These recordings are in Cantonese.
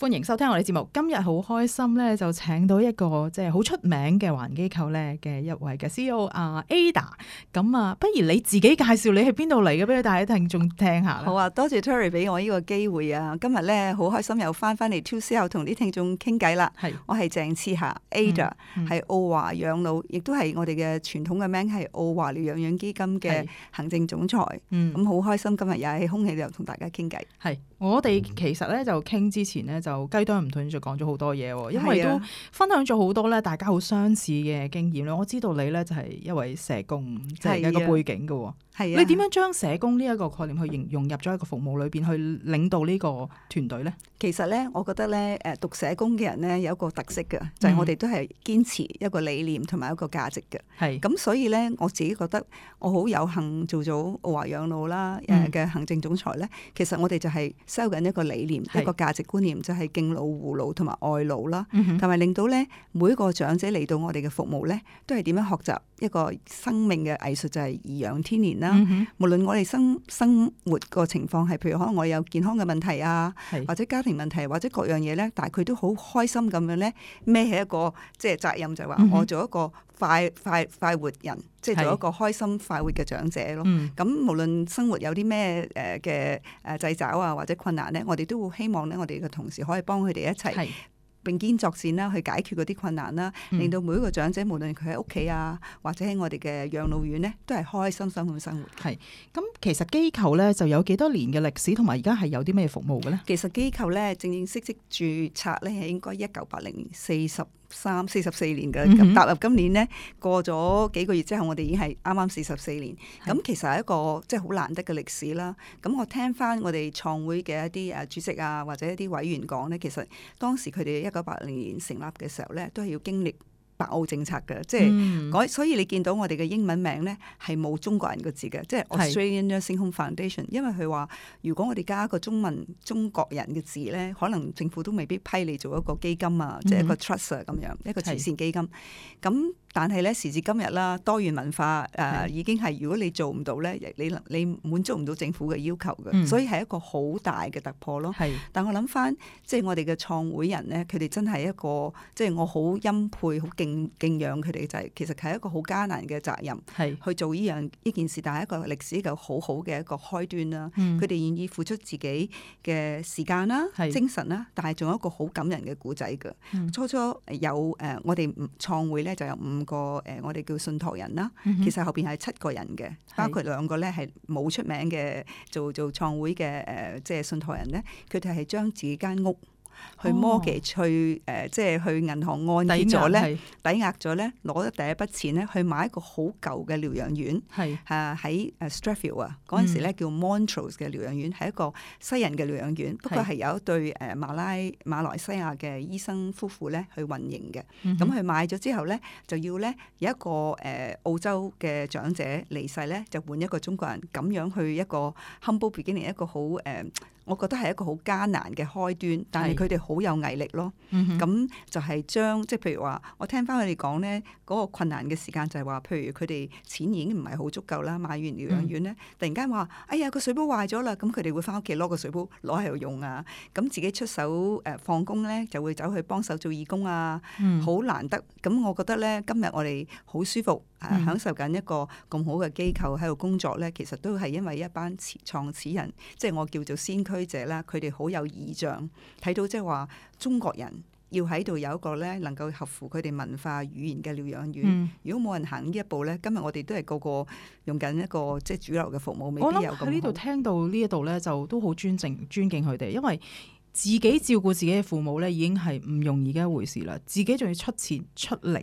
歡迎收聽我哋節目。今日好開心咧，就請到一個即係好出名嘅華機構咧嘅一位嘅 C E O 阿、啊、Ada。咁啊，不如你自己介紹你係邊度嚟嘅，俾啲大家聽眾聽，聽下啦。好啊，多謝 Tury 俾我呢個機會啊。今日咧好開心又翻翻嚟 Two C L 同啲聽眾傾偈啦。係是，我係鄭賜霞 Ada，係澳華養老，亦都係我哋嘅傳統嘅名係澳華療養養基金嘅行政總裁。嗯，咁好、嗯嗯、開心今日又喺空氣度同大家傾偈。係。我哋其實咧就傾之前咧就雞啄唔斷就講咗好多嘢，因為都分享咗好多咧大家好相似嘅經驗啦。我知道你咧就係一位社工，即係一個背景㗎。啊、你點樣將社工呢一個概念去融融入咗一個服務裏邊去領導呢個團隊咧？其實咧，我覺得咧，誒讀社工嘅人咧有一個特色嘅，就係、是、我哋都係堅持一個理念同埋一個價值嘅。係、嗯。咁所以咧，我自己覺得我好有幸做咗澳華養老啦誒嘅行政總裁咧，嗯、其實我哋就係收緊一個理念，是一個價值觀念，就係、是、敬老、護老同埋愛老啦，同埋、嗯、哼令到咧每一個長者嚟到我哋嘅服務咧，都係點樣學習一個生命嘅藝術，就係、是、怡養天年啦。嗯、無論我哋生生活個情況係，譬如可能我有健康嘅問題啊，是或者家庭問題，或者各樣嘢咧，但係佢都好開心咁樣咧，孭起一個即係責任就係話，嗯、哼我做一個快快快活人，即係做一個開心快活嘅長者咯。咁是、嗯、無論生活有啲咩誒嘅誒掣肘啊，或者困難咧，我哋都會希望咧，我哋嘅同事可以幫佢哋一齊，並肩作戰啦，去解決嗰啲困難啦，嗯、令到每一個長者無論佢喺屋企啊，或者喺我哋嘅養老院咧，都係開開心心咁生活。係，咁其實機構咧就有幾多年嘅歷史，同埋而家係有啲咩服務嘅咧？其實機構咧正正式式註冊咧，應該一九八零年四十。三四十四年嘅，咁踏入今年咧，過咗幾個月之後，我哋已經係啱啱四十四年。咁的其實係一個即係好難得嘅歷史啦。咁我聽翻我哋創會嘅一啲誒主席啊，或者一啲委員講咧，其實當時佢哋一九八零年成立嘅時候咧，都係要經歷。白澳政策嘅，即係、嗯、所以你見到我哋嘅英文名咧係冇中國人嘅字嘅，即係 Australian Nursing Home Foundation，是因為佢話如果我哋加一個中文中國人嘅字咧，可能政府都未必批你做一個基金啊，嗯、即係一個 trust 啊咁樣，嗯、一個慈善基金，咁是。但係咧時至今日啦，多元文化誒、呃、已經係如果你做唔到咧，你你滿足唔到政府嘅要求嘅，嗯、所以係一個好大嘅突破咯。是但我諗翻，即、就、係、是、我哋嘅創會人咧，佢哋真係一個即係、就是、我好欽佩、好敬敬仰佢哋就係其實係一個好艱難嘅責任，係是去做呢樣呢件事，但係一個歷史嘅好好嘅一個開端啦。佢哋、嗯、願意付出自己嘅時間啦、是精神啦，但係仲有一個好感人嘅故仔嘅。嗯、初初有誒、呃呃，我哋創會咧就有五。五個誒，我哋叫信託人啦。其實後邊係七個人嘅，包括兩個咧係冇出名嘅做做創會嘅誒、呃，即係信託人咧，佢哋係將自己間屋。去 mortgage 去誒、呃，即係去銀行按揭咗咧，抵押咗咧，攞咗第一筆錢咧，去買一個好舊嘅療養院，係啊喺 Strathfield 啊，嗰陣時咧叫 Montrose 嘅療養院，係一個西人嘅療養院，不過係有一對誒馬拉馬來西亞嘅醫生夫婦咧去運營嘅。咁佢是、嗯、哼買咗之後咧，就要咧有一個誒、呃、澳洲嘅長者離世咧，就換一個中國人咁樣去一個 humble beginning，一個好誒。我覺得係一個好艱難嘅開端，但係佢哋好有毅力咯。咁的就係將即係譬如話，我聽返佢哋講咧，嗰、那個困難嘅時間就係話，譬如佢哋錢已經唔係好足夠啦，買完療養院咧，突然間話，哎呀個水煲壞咗啦，咁佢哋會返屋企攞個水煲攞喺度用啊。咁自己出手誒、呃、放工咧，就會走去幫手做義工啊。好、嗯、難得，咁我覺得咧，今日我哋好舒服，呃、享受緊一個咁好嘅機構喺度工作咧，其實都係因為一班創始人，即係我叫做先驅。者啦，佢哋好有意象，睇到即係話中國人要喺度有一個咧，能夠合乎佢哋文化語言嘅療養院。嗯、如果冇人行呢一步咧，今日我哋都係個個用緊一個即係主流嘅服務。未必有咁好。我諗喺呢度聽到呢一度咧，就都好尊敬尊敬佢哋，因為自己照顧自己嘅父母咧，已經係唔容易嘅一回事啦。自己仲要出錢出力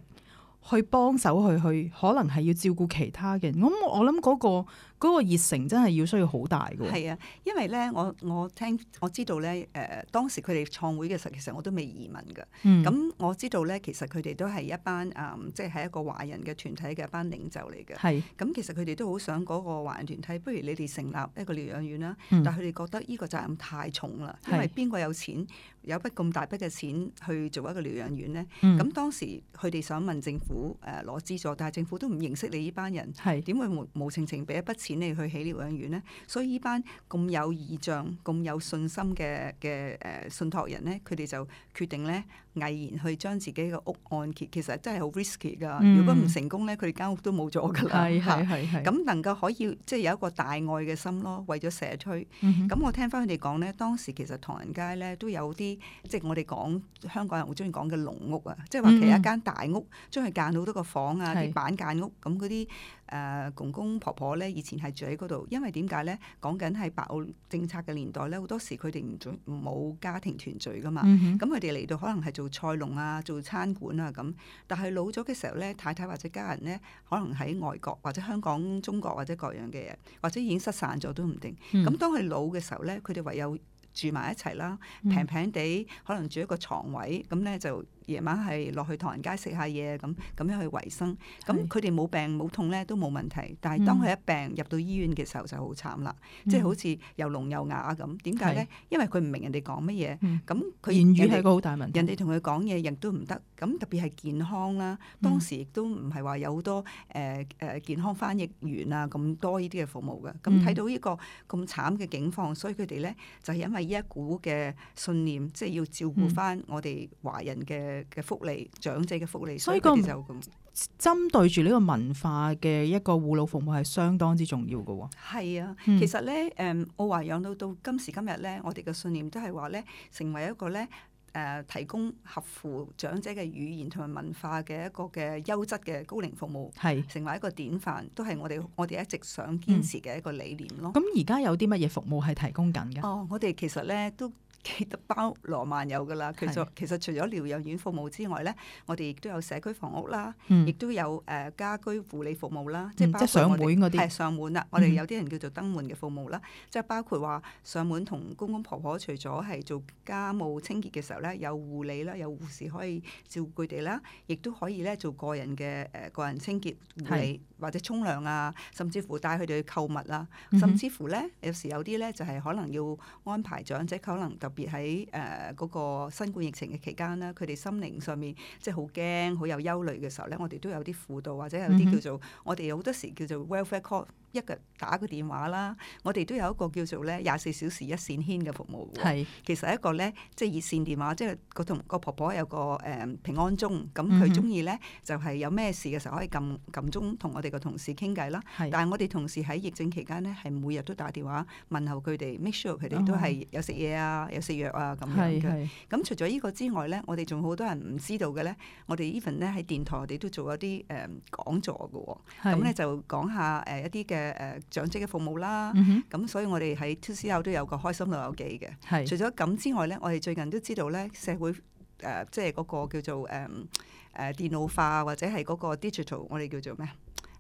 去幫手去去，可能係要照顧其他嘅、嗯。我我諗嗰個。嗰個熱誠真係要需要好大嘅喎。係啊，因為咧，我我聽我知道咧，誒當時佢哋創會嘅時候，其實我都未移民嘅。咁我知道咧，其實佢哋都係一班誒，即係喺一個華人嘅團體嘅一班領袖嚟嘅。係。咁其實佢哋都好想嗰個華人團體，不如你哋成立一個療養院啦。但係佢哋覺得呢個責任太重啦，因為邊個有錢有筆咁大筆嘅錢去做一個療養院咧？咁當時佢哋想問政府誒攞資助，但係政府都唔認識你呢班人，係點會冇情情俾一筆錢嚟去起療養院咧，所以呢班咁有異象、咁有信心嘅嘅誒信託人咧，佢哋就決定咧毅然去將自己嘅屋按揭，其實真係好 risky 噶。嗯、如果唔成功咧，佢哋間屋都冇咗㗎啦。係係係。咁、啊、能夠可以即係、就是、有一個大愛嘅心咯，為咗社區。咁、嗯哼嗯、我聽翻佢哋講咧，當時其實唐人街咧都有啲，即係我哋講香港人好中意講嘅籠屋啊，即係話其實一間大屋，將佢間到好多個房啊，啲板間屋，咁嗰啲。是誒、呃、公公婆婆咧，以前係住喺嗰度，因為點解咧？講緊喺白澳政策嘅年代咧，好多時佢哋唔准冇家庭團聚噶嘛。咁佢哋嚟到可能係做菜農啊，做餐館啊咁。但係老咗嘅時候咧，太太或者家人咧，可能喺外國或者香港、中國或者各樣嘅嘢，或者已經失散咗都唔定。咁、嗯、當佢老嘅時候咧，佢哋唯有住埋一齊啦，平平地可能住一個床位，咁咧就。夜晚係落去唐人街食下嘢咁，咁樣去維生。咁佢哋冇病冇痛咧都冇問題。但係當佢一病、嗯、入到醫院嘅時候就慘、嗯、好慘啦，即係好似又聾又啞咁。點解咧？因為佢唔明人哋講乜嘢。咁佢、嗯、言語係個好大問題。人哋同佢講嘢亦都唔得。咁特別係健康啦。當時亦都唔係話有好多誒誒、呃、健康翻譯員啊咁多呢啲嘅服務嘅。咁睇、嗯嗯、到呢個咁慘嘅境況，所以佢哋咧就係、是、因為呢一股嘅信念，即、就、係、是、要照顧翻我哋華人嘅。嘅福利，長者嘅福利，福利所以個針對住呢個文化嘅一個護老服務，係相當之重要嘅喎。係啊，嗯、其實咧，誒、嗯，澳華養老到到今時今日咧，我哋嘅信念都係話咧，成為一個咧，誒、呃，提供合乎長者嘅語言同埋文化嘅一個嘅優質嘅高齡服務，係是成為一個典範，都係我哋我哋一直想堅持嘅一個理念咯。咁而家有啲乜嘢服務係提供緊嘅？哦，我哋其實咧都。記得包羅萬有㗎啦。其實其實除咗療養院服務之外咧，的我哋亦都有社區房屋啦，亦、嗯、都有誒家居護理服務啦，嗯、即係包括我哋係上，上門啦。我哋有啲人叫做登門嘅服務啦，即係、嗯、哼包括話上門同公公婆婆，婆，除咗係做家務清潔嘅時候咧，有護理啦，有護士可以照顧佢哋啦，亦都可以咧做個人嘅誒、呃、個人清潔護理，的或者沖涼啊，甚至乎帶佢哋去購物啊，甚至乎咧有時有啲咧就係可能要安排長者可能特別喺誒嗰個新冠疫情嘅期間啦，佢哋心靈上面即係好驚、好有憂慮嘅時候咧，我哋都有啲輔導，或者有啲叫做、嗯、哼我哋好多時叫做 welfare call。一個打個電話啦，我哋都有一個叫做咧廿四小時一線牽嘅服務。係是，其實一個咧即係熱線電話，即係個同個婆婆有個誒、嗯、平安鐘，咁佢中意咧就係有咩事嘅時候可以撳撳鐘，同我哋個同事傾偈啦。是但係我哋同事喺疫症期間咧，係每日都打電話問候佢哋是，make sure 佢哋都係有食嘢啊，有食藥啊咁樣嘅。咁除咗呢個之外咧，我哋仲好多人唔知道嘅咧，我哋 even 咧喺電台我哋都做一啲誒、嗯、講座嘅喎。係是，咁咧就講下誒一啲嘅。嘅誒、呃、長者嘅服務啦，咁、嗯哼嗯、所以我哋喺 2CR 都有個開心老友記嘅。是除咗咁之外咧，我哋最近都知道咧，社會誒、呃、即係嗰個叫做誒誒、呃、電腦化或者係嗰個 digital，我哋叫做咩？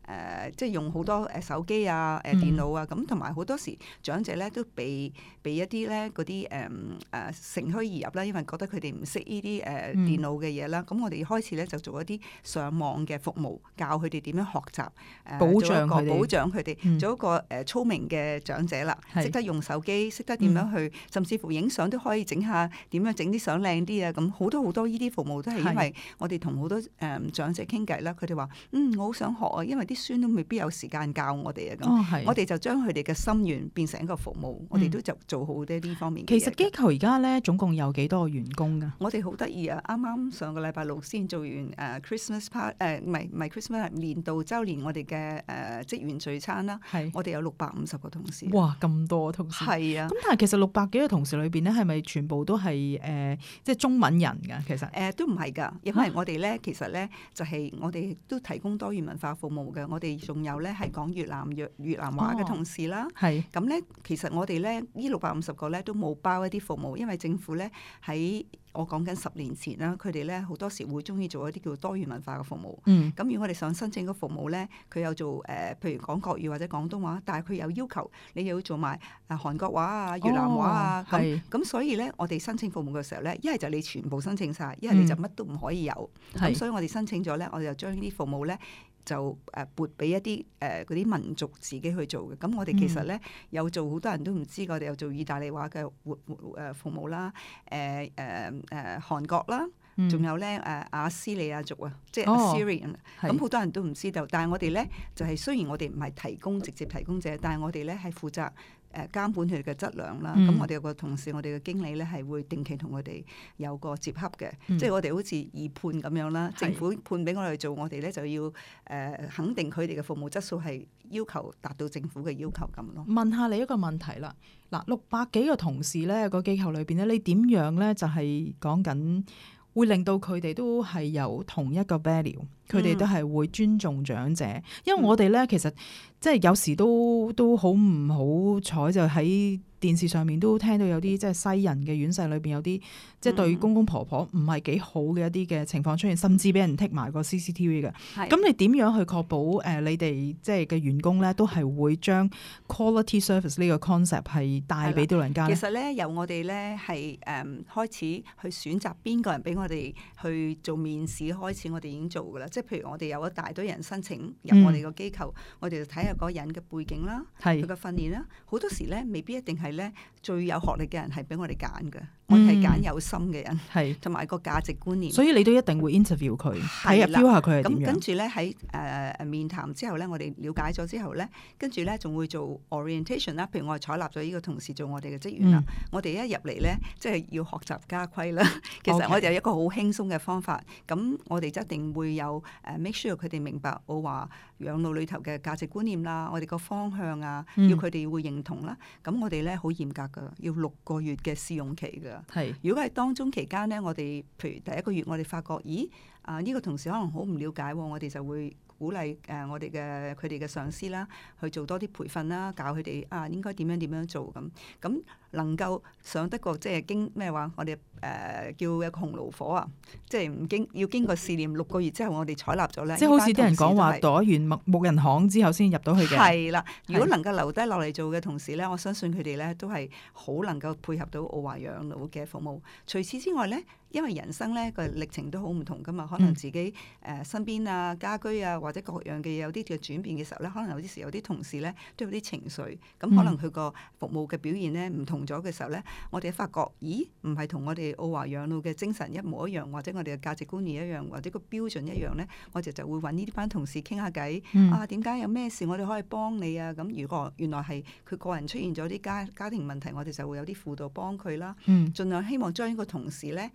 誒即係用好多誒手機啊、誒電腦啊，咁同埋好多時長者咧都俾俾一啲咧嗰啲誒誒乘虛而入啦，因為覺得佢哋唔識呢啲誒電腦嘅嘢啦。咁我哋開始咧就做一啲上網嘅服務，教佢哋點樣學習，保障佢哋，做一個誒聰明嘅長者啦，識得用手機，識得點樣去，甚至乎影相都可以整下，點樣整啲相靚啲啊！咁好多好多呢啲服務都係因為我哋同好多誒長者傾偈啦，佢哋話嗯，我好想學啊，因為啲都未必有時間教我哋啊！咁、哦，我哋就將佢哋嘅心願變成一個服務，嗯、我哋都就做好啲呢方面嘅。其實機構而家咧總共有幾多個員工㗎？我哋好得意啊！啱啱上個禮拜六先做完誒 Christmas party 誒、呃，唔係唔係 Christmas 年度周年我哋嘅誒職員聚餐啦。係的，我哋有六百五十個同事。哇！咁多同事係啊！咁的但係其實六百幾個同事裏邊咧，係咪全部都係誒、呃、即係中文人㗎？其實誒、呃、都唔係㗎，因為我哋咧其實咧就係我哋都提供多元文化服務嘅。我哋仲有咧，係講越南語、越南話嘅同事啦。係、哦。咁咧，其實我哋咧，呢六百五十個咧，都冇包一啲服務，因為政府咧喺我講緊十年前啦，佢哋咧好多時會中意做一啲叫多元文化嘅服務。咁、嗯、如果我哋想申請個服務咧，佢有做誒、呃，譬如講國語或者廣東話，但係佢有要求你又要做埋啊韓國話啊、越南話啊。係、哦。咁所以咧，我哋申請服務嘅時候咧，一係就你全部申請晒，一係你就乜都唔可以有。咁、嗯嗯、所以我哋申請咗咧，我哋就將呢啲服務咧。就誒撥俾一啲誒嗰啲民族自己去做嘅。咁我哋其實咧有做好多人都唔知，我哋有做意大利話嘅活誒服務啦，誒誒誒韓國啦，仲、嗯、有咧誒亞斯利亞族啊，即係 Syrian，咁好多人都唔知道，但係我哋咧就係、是、雖然我哋唔係提供直接提供者，但係我哋咧係負責。誒、呃、監管佢哋嘅質量啦，咁、嗯、我哋有個同事，我哋嘅經理咧係會定期同佢哋有個接洽嘅，嗯、即係我哋好似二判咁樣啦，嗯、政府判俾我哋做，我哋咧就要誒、呃、肯定佢哋嘅服務質素係要求達到政府嘅要求咁咯。問下你一個問題啦，嗱六百幾個同事咧、嗰個機構裏邊咧，你點樣咧就係講緊會令到佢哋都係有同一個 value？佢哋都係會尊重長者，嗯、因為我哋咧其實即係有時都都好唔好彩，就喺電視上面都聽到有啲即係西人嘅院舍裏邊有啲、嗯、即係對公公婆婆唔係幾好嘅一啲嘅情況出現，甚至俾人剔埋個 CCTV 嘅。咁的你點樣去確保誒、呃、你哋即係嘅員工咧都係會將 quality service 呢個 concept 係帶俾到人家？其實咧由我哋咧係誒開始去選擇邊個人俾我哋去做面試開始，我哋已經做㗎啦。即係譬如我哋有一大堆人申請入我哋個機構，嗯、我哋就睇下嗰個人嘅背景啦，係佢嘅訓練啦，好多時咧未必一定係咧最有學歷嘅人係俾我哋揀嘅。我係揀有心嘅人，係同埋個價值觀念。所以你都一定會 interview 佢，喺入了下佢係點樣？咁跟住咧，喺誒誒面談之後咧，我哋了解咗之後咧，跟住咧仲會做 orientation 啦。譬如我哋採納咗呢個同事做我哋嘅職員啦。嗯、我哋一入嚟咧，即係要學習家規啦。其實我哋有一個好輕鬆嘅方法。咁 Okay. 我哋一定會有誒 make sure 佢哋明白我話養老裏頭嘅價值觀念啦，我哋個方向啊，要佢哋會認同啦。咁、嗯、我哋咧好嚴格噶，要六個月嘅試用期嘅。係，是如果係當中期間咧，我哋譬如第一個月，我哋發覺，咦啊呢個同事可能好唔了解、哦，我哋就會鼓勵誒、呃、我哋嘅佢哋嘅上司啦，去做多啲培訓啦，教佢哋啊應該點樣點樣做咁咁。能夠上得過即係經咩話？我哋誒、呃、叫一個紅爐火啊！即係唔經要經過試驗六個月之後，我哋採納咗咧。即係好似啲人講話，躲完牧木，木人巷之後先入到去嘅。係啦，如果能夠留低落嚟做嘅同事咧，我相信佢哋咧都係好能夠配合到澳華養老嘅服務。除此之外咧，因為人生咧個歷程都好唔同噶嘛，可能自己誒、嗯呃、身邊啊、家居啊或者各樣嘅嘢有啲嘅轉變嘅時候咧，可能有啲時有啲同事咧都有啲情緒，咁可能佢個服務嘅表現咧唔同、嗯。咗嘅時候咧，我哋一發覺，咦，唔係同我哋澳華養老嘅精神一模一樣，或者我哋嘅價值觀念一樣，或者個標準一樣咧，我哋就，就會揾呢啲班同事傾下偈。嗯、啊，點解有咩事我哋可以幫你啊？咁如果原來係佢個人出現咗啲家家庭問題，我哋就會有啲輔導幫佢啦。盡、嗯、量希望將呢個同事咧。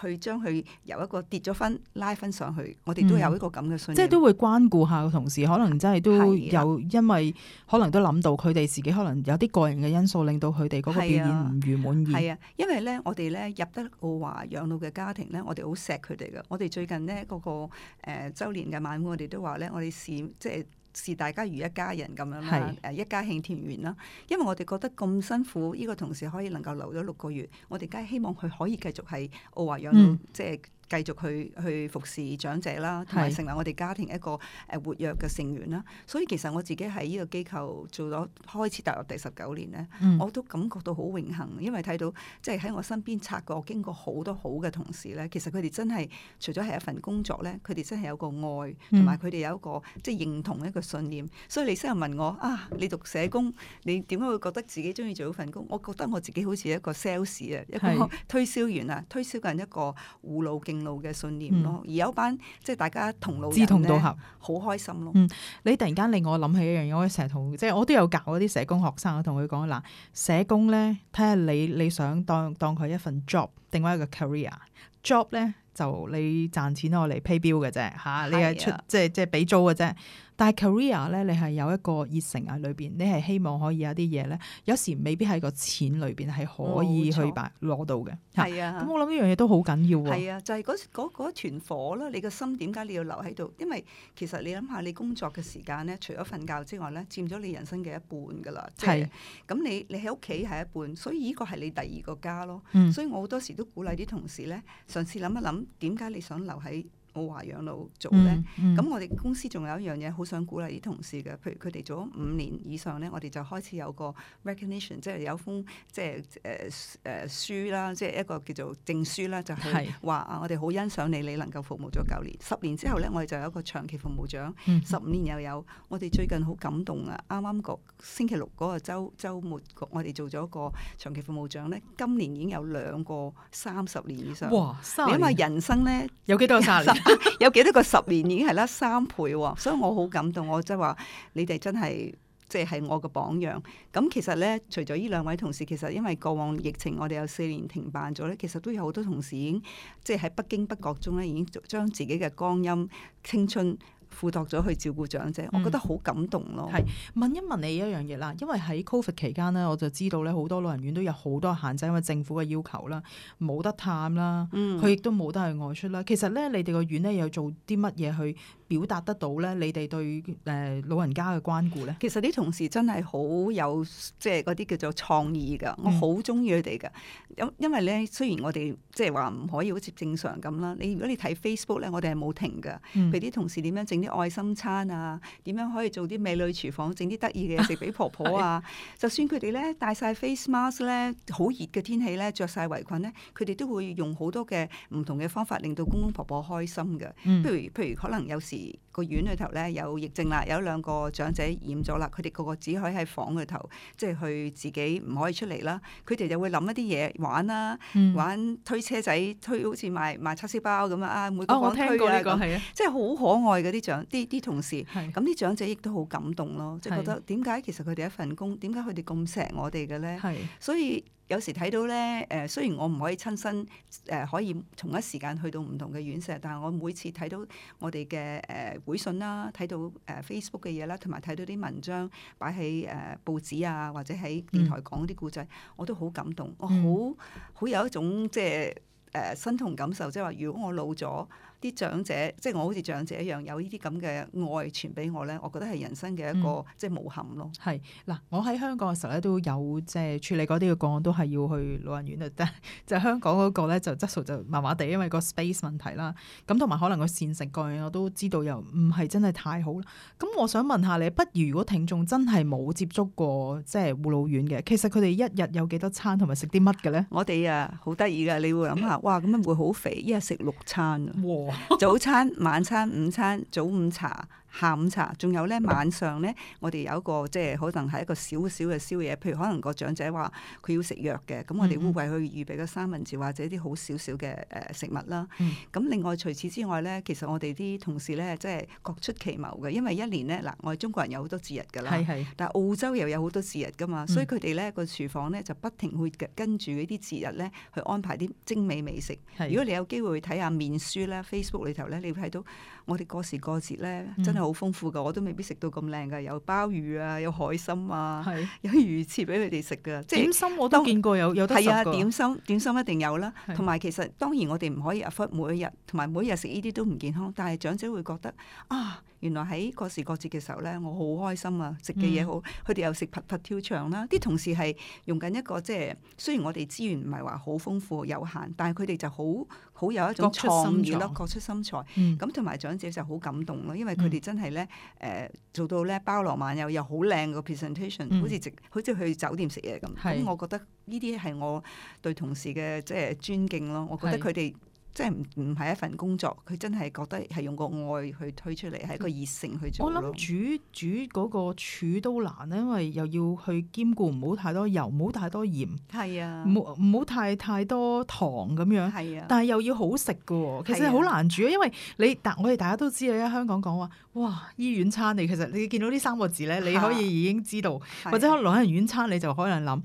去將佢由一個跌咗分拉分上去，我哋都有一個咁嘅信、嗯。即係都會關顧下嘅同事，可能真係都有的因為可能都諗到佢哋自己可能有啲個人嘅因素，令到佢哋嗰個表現唔如滿意。係啊，因為咧，我哋咧入得澳華養老嘅家庭咧，我哋好錫佢哋嘅。我哋最近咧嗰個周年嘅晚會，我哋都話咧，我哋試即係。視大家如一家人咁樣，係誒是一家慶團圓啦。因為我哋覺得咁辛苦，呢、這個同事可以能夠留咗六個月，我哋梗係希望佢可以繼續喺澳華養老，即係、嗯。繼續去去服侍長者啦，同埋成為我哋家庭一個誒活躍嘅成員啦。是所以其實我自己喺呢個機構做咗開始踏入第十九年咧，嗯、我都感覺到好榮幸，因為睇到即係喺我身邊察過經過好多好嘅同事咧。其實佢哋真係除咗係一份工作咧，佢哋真係有個愛，同埋佢哋有一個即係、就是、認同一個信念。所以你先入問我啊，你讀社工，你點解會覺得自己中意做一份工？我覺得我自己好似一個 sales 啊，一個推銷員啊是，推銷緊一個護老嘅。路嘅信念咯，嗯、而有班即係大家同路，志同道合，好開心咯。嗯，你突然間令我諗起一樣嘢，我成日同即係我都有教嗰啲社工學生，我同佢講嗱，社工咧，睇下你你想當當佢一份 job 定或一個 career？job 咧就你賺錢我嚟 pay 表嘅啫，吓、啊、你係出、啊、即係即係俾租嘅啫。但係 career 咧，你係有一個熱誠啊，裏邊你係希望可以有啲嘢咧，有時未必係個錢裏邊係可以去擺攞錯到嘅。係啊，咁我諗呢樣嘢都好緊要喎、啊。係啊，就係、是、嗰團火咯。你個心點解你要留喺度？因為其實你諗下，你工作嘅時間咧，除咗瞓覺之外咧，佔咗你人生嘅一半噶啦。係是。咁、就是、你你喺屋企係一半，所以呢個係你第二個家咯。嗯、所以我好多時都鼓勵啲同事咧，嘗試諗一諗點解你想留喺。嗯嗯、澳華養老做咧，咁我哋公司仲有一樣嘢好想鼓勵啲同事嘅，譬如佢哋做咗五年以上咧，我哋就開始有個 recognition，即係有一封即係誒誒書啦，即係、呃、一個叫做證書啦，就係話是、啊、我哋好欣賞你，你能夠服務咗九年、十年之後咧，我哋就有一個長期服務獎，嗯、十五年又有。我哋最近好感動啊，啱啱個星期六嗰個週週末，我哋做咗一個長期服務獎咧，今年已經有兩個三十年以上。哇！三十年，你諗下人生咧，有幾多三十年？ 有幾多個十年已經係啦，三倍喎、哦，所以我好感動，我即係話你哋真係即係我嘅榜樣。咁其實咧，除咗呢兩位同事，其實因為過往疫情，我哋有四年停辦咗咧，其實都有好多同事已經即係喺不經不覺中咧，已經將自己嘅光陰青春。附託咗去照顧長者，嗯、我覺得好感動咯。係問一問你一樣嘢啦，因為喺 Covid 期間咧，我就知道咧好多老人院都有好多限制，因為政府嘅要求啦，冇得探啦，佢、嗯、亦都冇得去外出啦。其實咧，你哋個院咧有做啲乜嘢去？表達得到咧，你哋對誒老人家嘅關顧咧。其實啲同事真係好有，即係嗰啲叫做創意㗎，我好中意佢哋㗎。咁、嗯、因為咧，雖然我哋即係話唔可以好似正常咁啦，你如果你睇 Facebook 咧，我哋係冇停㗎。佢啲、嗯、同事點樣整啲愛心餐啊？點樣可以做啲美女廚房，整啲得意嘅嘢食俾婆婆啊？ 是就算佢哋咧戴晒 face mask 咧，好熱嘅天氣咧，着晒圍裙咧，佢哋都會用好多嘅唔同嘅方法，令到公公，公婆婆開心嘅。譬、嗯、如譬如可能有時。個院裏頭咧有疫症啦，有兩個長者染咗啦，佢哋個個只可以喺房裏頭，即係去自己唔可以出嚟啦。佢哋就會諗一啲嘢玩啦、啊，嗯、玩推車仔，推好似賣賣叉燒包咁啊！每個房推、啊哦、我聽過你講係啊，即係好可愛嗰啲長，啲啲的同事，咁啲的長者亦都好感動咯，即係覺得點解其實佢哋一份工，點解佢哋咁錫我哋嘅咧？的所以。有時睇到咧，誒雖然我唔可以親身誒、呃、可以同一時間去到唔同嘅院舍，但係我每次睇到我哋嘅誒會訊啦，睇到誒 Facebook 嘅嘢啦，同埋睇到啲文章擺喺誒報紙啊，或者喺電台講啲故仔，嗯、我都好感動，我好好有一種即係誒身同感受，即係話如果我老咗。啲長者，即係我好似長者一樣有呢啲咁嘅愛傳俾我咧，我覺得係人生嘅一個、嗯、即係無憾咯。係嗱，我喺香港嘅時候咧，都有即係、就是、處理嗰啲嘅個案，都係要去老人院度得。 就香港嗰、那個咧，就質素就麻麻地，因為個 space 問題啦。咁同埋可能個膳食各方面我都知道又唔係真係太好。咁我想問下你，不如如果聽眾真係冇接觸過即係、就是、護老院嘅，其實佢哋一日有幾多餐同埋食啲乜嘅咧？呢我哋啊，好得意噶，你會諗下，哇，咁樣會好肥，一日食六餐 早餐、晚餐、午餐、早午茶。下午茶，仲有咧晚上咧，我哋有一個即係可能係一個小小嘅宵夜，譬如可能個長者話，佢要食藥嘅，咁我哋會為佢預備個三文治或者啲好少少嘅誒食物啦。咁、嗯、另外除此之外咧，其實我哋啲同事咧即係各出奇謀嘅，因為一年咧嗱，我哋中國人有好多節日噶啦，是是但係澳洲又有好多節日噶嘛，所以佢哋咧個廚房咧就不停會跟住呢啲節日咧去安排啲精美美食。是如果你有機會去睇下面書咧，Facebook 裏頭咧，你會睇到我哋過時過節咧真係。嗯好豐富噶，我都未必食到咁靚噶，有鮑魚啊，有海參啊，是有魚翅俾佢哋食噶。即點心我都當見過有有得啊，點心點心一定有啦。同埋的其實當然我哋唔可以阿忽每一日，同埋每一日食呢啲都唔健康。但係長者會覺得啊，原來喺各時各節嘅時候咧，我好開心啊，食嘅嘢好。佢哋、嗯、又食啪啪跳牆啦，啲同事係用緊一個即係雖然我哋資源唔係話好豐富有限，但係佢哋就好好有一種創意咯，各出心裁。咁同埋長者就好感動咯，因為佢哋真、嗯。真係咧，誒、呃、做到咧包羅萬有，又、嗯、好靚個 presentation，好似食，好似去酒店食嘢咁。咁是我覺得呢啲係我對同事嘅即係尊敬咯。我覺得佢哋。即係唔唔係一份工作，佢真係覺得係用個愛去推出嚟，係一個熱性去做。我諗煮煮嗰個煮都難咧，因為又要去兼顧唔好太多油，唔好太多鹽，係啊，唔好唔好太太多糖咁樣。係啊，但係又要好食㗎喎，其實好難煮啊，因為你但我哋大家都知咧，香港講話，哇醫院餐你其實你見到呢三個字咧，你可以已經知道，啊啊、或者可能緊人院餐你就可能諗。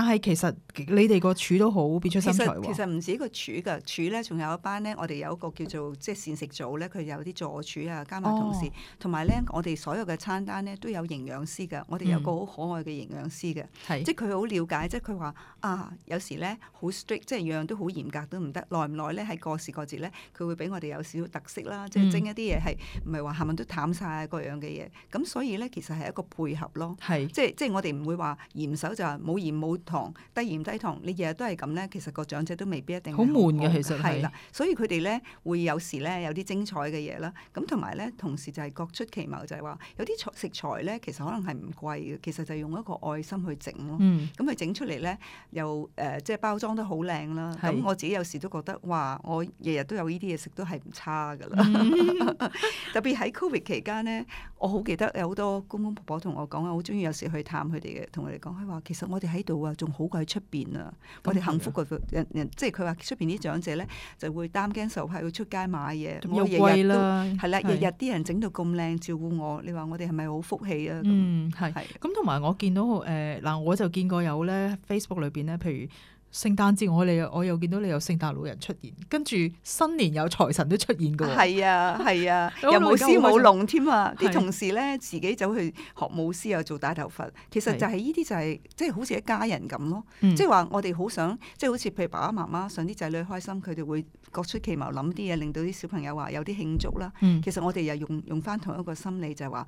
但係其實你哋個廚都好別出心裁、哦、其實唔止一個廚噶，廚咧仲有一班咧。我哋有一個叫做即係膳食組咧，佢有啲助廚啊，加埋同事，同埋咧我哋所有嘅餐單咧都有營養師嘅。我哋有個好可愛嘅營養師嘅，嗯、即係佢好了解，即係佢話啊，有時咧好 strict，即係樣樣都好嚴格都唔得。耐唔耐咧喺過時過節咧，佢會俾我哋有少少特色啦，即係蒸一啲嘢係唔係話下文都淡晒各樣嘅嘢。咁所以咧其實係一個配合咯，即係即係我哋唔會話嚴守就冇鹽冇。糖低鹽低糖，你日日都係咁咧，其實個長者都未必一定好，好悶嘅，其實係啦，所以佢哋咧會有時咧有啲精彩嘅嘢啦。咁同埋咧，同時就係各出其謀就，就係話有啲食材咧，其實可能係唔貴嘅，其實就用一個愛心去整咯。嗯，咁佢整出嚟咧，又誒、呃、即係包裝得好靚啦。係是，咁我自己有時都覺得哇，我日日都有呢啲嘢食都係唔差㗎啦。嗯、 特別喺 Covid 期間咧，我好記得有好多公公婆婆同我講啊，好中意有時去探佢哋嘅，同佢哋講佢話其實我哋喺度啊。仲好過喺出邊啊！嗯、我哋幸福過人、嗯、人，即係佢話出邊啲長者咧，就會擔驚受怕要出街買嘢，仲要貴啦，我日日都係啦，日日啲人整到咁靚照顧我，你話我哋係咪好福氣啊？嗯，係。咁同埋我見到誒嗱、呃，我就見過有咧 Facebook 裏邊咧，譬如。聖誕節我哋又我又見到你有聖誕老人出現，跟住新年有財神都出現過，係啊係啊，有舞獅舞龍添啊！啲同事咧自己走去學舞獅又做大頭佛，其實就係呢啲就係即係好似一家人咁咯。是，即係話我哋好想即係好似譬如爸爸媽媽想啲仔女開心，佢哋會各出奇謀諗啲嘢令到啲小朋友話有啲慶祝啦。是其實我哋又用用翻同一個心理就係、是、話。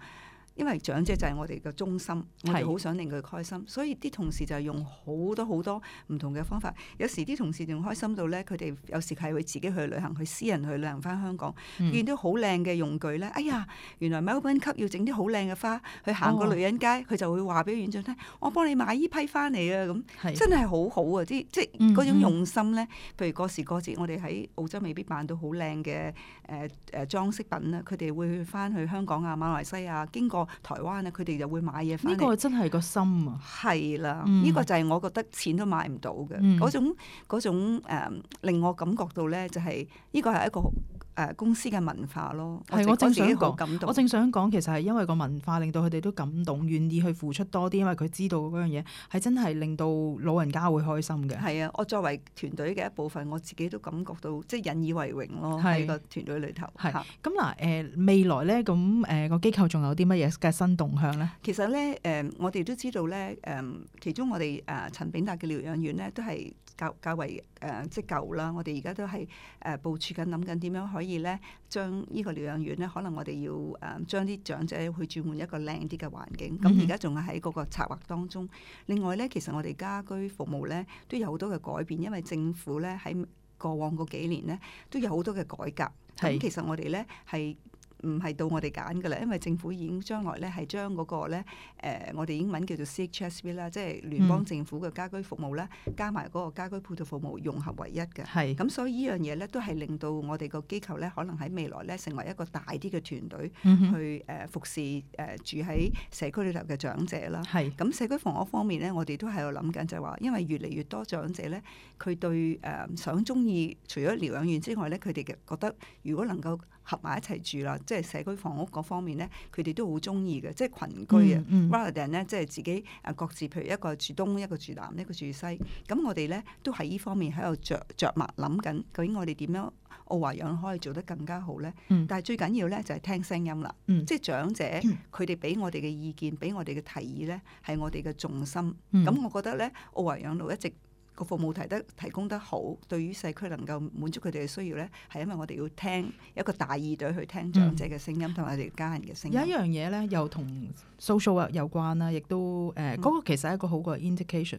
因為長者就係我哋嘅中心，的我哋好想令佢開心，所以啲同事就係用好多好多唔同嘅方法。有時啲同事仲開心到咧，佢哋有時係會自己去旅行，去私人去旅行翻香港，嗯、見到好靚嘅用具咧，哎呀，原來 Melbourne Cup 要整啲好靚嘅花去行嗰女人街，佢、哦、就會話俾院長聽，我幫你買呢批翻嚟啊！咁的真係好好啊！啲即係嗰的種用心咧。譬如過時過節，我哋喺澳洲未必辦到好靚嘅誒誒裝飾品啦，佢哋會翻去香港啊、馬來西亞經過。台灣啊，佢哋就會買嘢返嚟。呢個真係個心啊！係啦，呢、嗯、個就係我覺得錢都買唔到嘅嗰、嗯、種嗰種、呃、令我感覺到咧，就係、是、呢個係一個。誒公司嘅文化咯，係嘅，我正想講，我感動，我正想講，其實係因為個文化令到佢哋都感動，願意去付出多啲，因為佢知道嗰樣嘢係真係令到老人家會開心嘅。係啊，我作為團隊嘅一部分，我自己都感覺到即係引以為榮咯喺個團隊裏頭。係。咁嗱誒未來咧，咁誒個機構仲有啲乜嘢嘅新動向咧？其實咧誒，我哋都知道咧誒，其中我哋誒陳炳達嘅療養院咧都係。較較為誒、呃、即舊啦，我哋而家都係誒、呃、部署緊，諗緊點樣可以咧將呢個療養院咧，可能我哋要誒、呃、將啲長者去轉換一個靚啲嘅環境。咁而家仲係喺嗰個策劃當中。另外咧，其實我哋家居服務咧都有好多嘅改變，因為政府咧喺過往嗰幾年咧都有好多嘅改革。咁是其實我哋咧係。唔係到我哋揀嘅啦，因為政府已經將來咧係將嗰個咧誒、呃，我哋英文叫做 CHS V 啦，即係聯邦政府嘅家居服務啦，加埋嗰個家居配套服務融合為一嘅。係咁是、嗯，所以呢樣嘢咧都係令到我哋個機構咧可能喺未來咧成為一個大啲嘅團隊、嗯、哼去誒、呃、服侍誒、呃、住喺社區裏頭嘅長者啦。係咁是，社區房屋方面咧，我哋都喺度諗緊就係話，因為越嚟越多長者咧，佢對誒、呃、想鍾意除咗療養院之外咧，佢哋嘅覺得如果能夠。合埋一齊住啦，即係社區房屋嗰方面咧，佢哋都好中意嘅，即係群居啊。rather than 咧，hmm., 即係自己誒各自，譬如一個住東，一個住南，一個住西。咁我哋咧都喺依方面喺度着著墨，諗緊究竟我哋點樣澳華養可以做得更加好咧？Mm hmm. 但係最緊要咧就係、是、聽聲音啦，mm hmm. 即係長者佢哋俾我哋嘅意見，俾我哋嘅提議咧，係我哋嘅重心。咁、mm hmm. 我覺得咧，澳華養老一直。個服務提得提供得好，對於社區能夠滿足佢哋嘅需要咧，係因為我哋要聽一個大耳朵去聽長者嘅聲音同埋我哋家人嘅聲音。嗯、聲音有一樣嘢咧，又同 social 有關啦，亦都誒嗰個其實係一個好嘅 indication。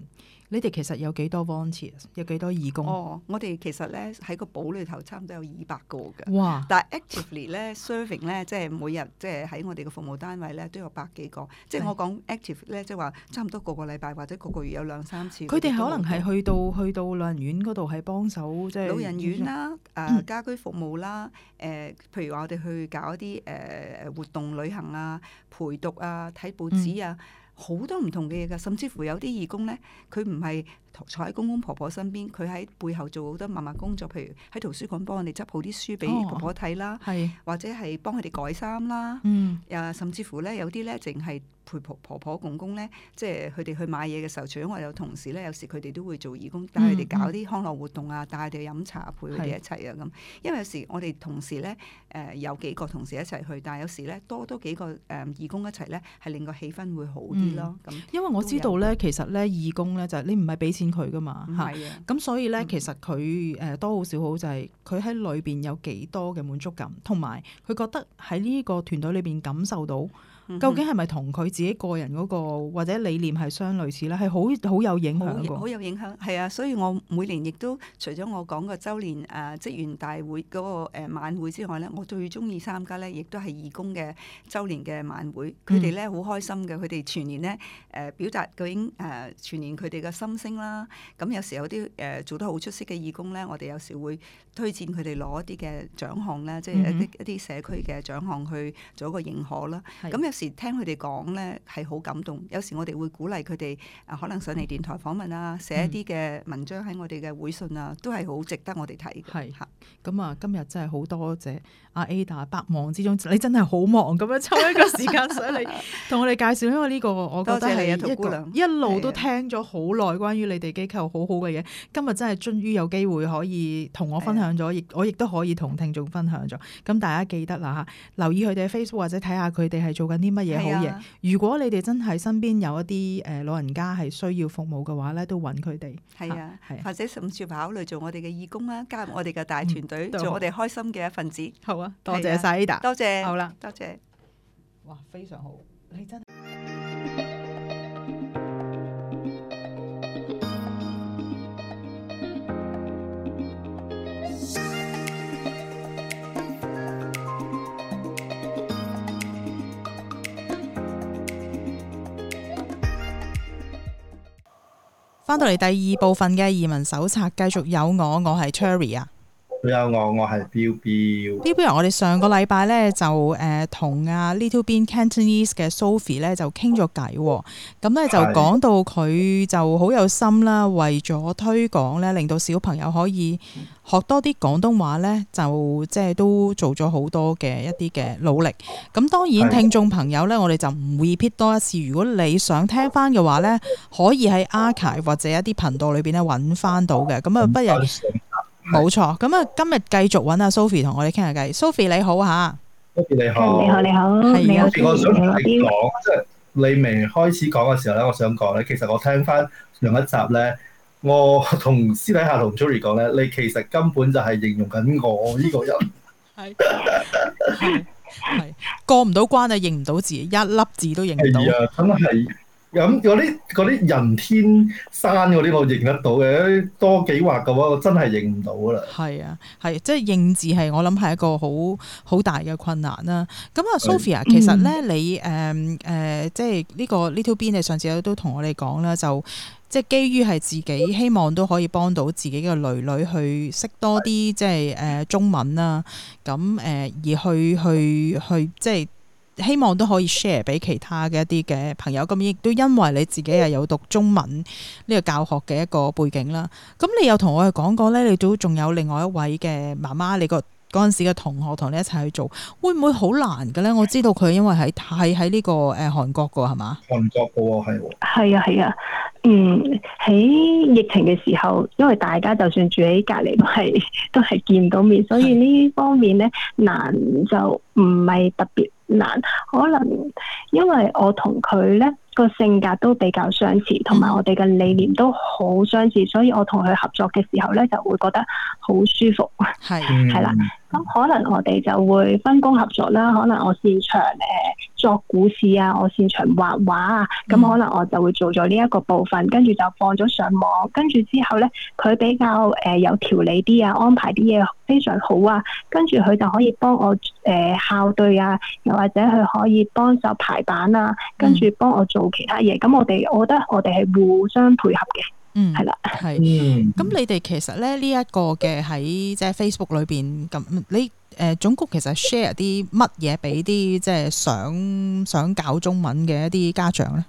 你哋其實有幾多 volunteers，有幾多義工？哦，我哋其實咧喺個簿裏頭差唔多有二百個㗎。哇！但係 actively 咧 serving 咧，即係每日即係喺我哋嘅服務單位咧都有百幾個。即係我講 active 咧是，即係話差唔多個個禮拜或者個個月有兩三次。佢哋可能係去到、嗯、去到老人院嗰度係幫手，即、就、係、是、老人院啦，誒、嗯啊、家居服務啦，誒、呃、譬如話我哋去搞一啲誒誒活動旅行啊、陪讀啊、睇報紙啊。嗯。好多唔同嘅嘢㗎，甚至乎有啲義工咧，佢唔係。坐喺公公婆，婆婆身邊，佢喺背後做好多默默工作，譬如喺圖書館幫我哋執好啲書俾婆婆睇啦，哦、或者係幫佢哋改衫啦，啊、嗯、甚至乎咧有啲咧淨係陪婆，婆婆婆公公咧，即係佢哋去買嘢嘅時候，除咗我有同事咧，有時佢哋都會做義工，帶佢哋搞啲康樂活動啊，嗯、帶佢哋去飲茶陪佢哋一齊啊咁。是因為有時我哋同事咧，誒有幾個同事一齊去，但係有時咧多多幾個誒義工一齊咧，係令個氣氛會好啲咯。咁、嗯、樣因為我知道咧，其實咧義工咧就係你唔係俾先佢噶嘛係啊。咁、嗯、所以咧，其實佢誒、呃、多好，好多少好，就係佢喺裏邊有幾多嘅滿足感，同埋佢覺得喺呢個團隊裏邊感受到。究竟係咪同佢自己個人嗰、那個或者理念係相類似咧？係好好有影響，好有影響，係啊！所以我每年亦都除咗我講個周年誒、呃、職員大會嗰、那個、呃、晚會之外咧，我最鍾意參加咧，亦都係義工嘅周年嘅晚會。佢哋咧好開心嘅，佢哋全年咧誒、呃、表達究竟誒全年佢哋嘅心聲啦。咁有時有啲誒、呃、做得好出色嘅義工咧，我哋有時會推薦佢哋攞一啲嘅獎項咧，即係一啲社區嘅獎項去做一個認可啦。咁有時聽佢哋講咧係好感動，有時我哋會鼓勵佢哋啊，可能上嚟電台訪問啊，寫一啲嘅文章喺我哋嘅會訊啊，都係好值得我哋睇。係吓，咁啊，今日真係好多謝阿 Ada，百忙之中你真係好忙咁樣抽一個時間上嚟同我哋介紹， 因為呢個我覺得係一個，一，姑娘一，個一路都聽咗好耐關於你哋機構好好嘅嘢，的今日真係終於有機會可以同我分享咗，亦的我亦都可以同聽眾分享咗。咁大家記得啦吓，留意佢哋嘅 Facebook 或者睇下佢哋係做緊啲。乜嘢好嘢？啊、如果你哋真係身邊有一啲誒、呃、老人家係需要服務嘅話咧，都揾佢哋。係啊，係、啊啊、或者甚至考慮做我哋嘅義工啦，加入我哋嘅大團隊，嗯、做我哋開心嘅一份子。好啊，多謝晒。Ada，多謝，多謝。好啦，多謝。哇，非常好，你真係。翻到嚟第二部分嘅移民手冊，繼續有我，我係 Tury 啊。我，我係 Bill Bill。Bill Bill，我哋上個禮拜呢，就誒同阿 Little Bean Cantonese 嘅 Sophie 呢，就傾咗偈喎。咁呢的，就講到佢就好有心啦，為咗推廣呢，令到小朋友可以學多啲廣東話呢，就即係都做咗好多嘅一啲嘅努力。咁當然聽眾朋友呢，的我哋就唔會撇多一次。如果你想聽翻嘅話呢，可以喺 archive 或者一啲頻道裏邊呢揾翻到嘅。咁啊，不如。冇錯，咁啊今日繼續揾阿 Sophie 同我哋傾下偈。Sophie 你好吓，你好你好你好你好，你好。係，我想同你講，即係你明開始講嘅時候咧，我想講咧，好好其實我聽翻上一集咧，我同私底下同 Tury 講咧，你其實根本就係形容緊我呢個人是，係係 過唔到關啊，認唔到字，一粒字都認唔到，係係、啊，真係。咁啲啲人天山嗰啲我認得到嘅，多幾畫嘅話我真係認唔到啦。係啊，係即係認字係我諗係一個好好大嘅困難啦、啊。咁啊，Sophia 是其實咧你誒誒、呃呃、即係呢、這個呢條邊，Bean，你上次都同我哋講啦，就即係基於係自己希望都可以幫到自己嘅女女去識多啲是即係誒、呃、中文啦、啊。咁、呃、誒而去去去，去即係。希望都可以 share 俾其他嘅一啲嘅朋友，咁亦都因為你自己係有讀中文呢個教學嘅一個背景啦，咁你又同我哋講過咧，你都仲有另外一位嘅媽媽，你個嗰陣時嘅同學同你一齊去做，會唔會好難嘅咧？我知道佢因為喺係喺呢個誒韓國個係嘛？韓國個係、哦，係、哦、係啊係啊，嗯，喺疫情嘅時候，因為大家就算住喺隔籬都係都係見唔到面，所以呢方面咧是難就唔係特別。難，可能因為我同佢咧，個性格都比較相似，同埋我哋嘅理念都好相似，所以我同佢合作嘅時候咧，就會覺得好舒服。係係啦，咁 可能我哋就會分工合作啦。可能我擅長誒作故事啊，我擅長畫畫啊，咁可能我就會做咗呢一個部分，嗯、跟住就放咗上網。跟住之後咧，佢比較誒有條理啲啊，安排啲嘢非常好啊。跟住佢就可以幫我誒校對啊，又或者佢可以幫手排版啊，跟住幫我做、嗯。其他嘢，咁我哋，我覺得我哋係互相配合嘅。嗯，係啦的，係，嗯，咁你哋其實咧呢一、這個嘅喺即係 Facebook 裏邊咁，你誒、呃，總括其實 share 啲乜嘢俾啲即係想想搞中文嘅一啲家長咧？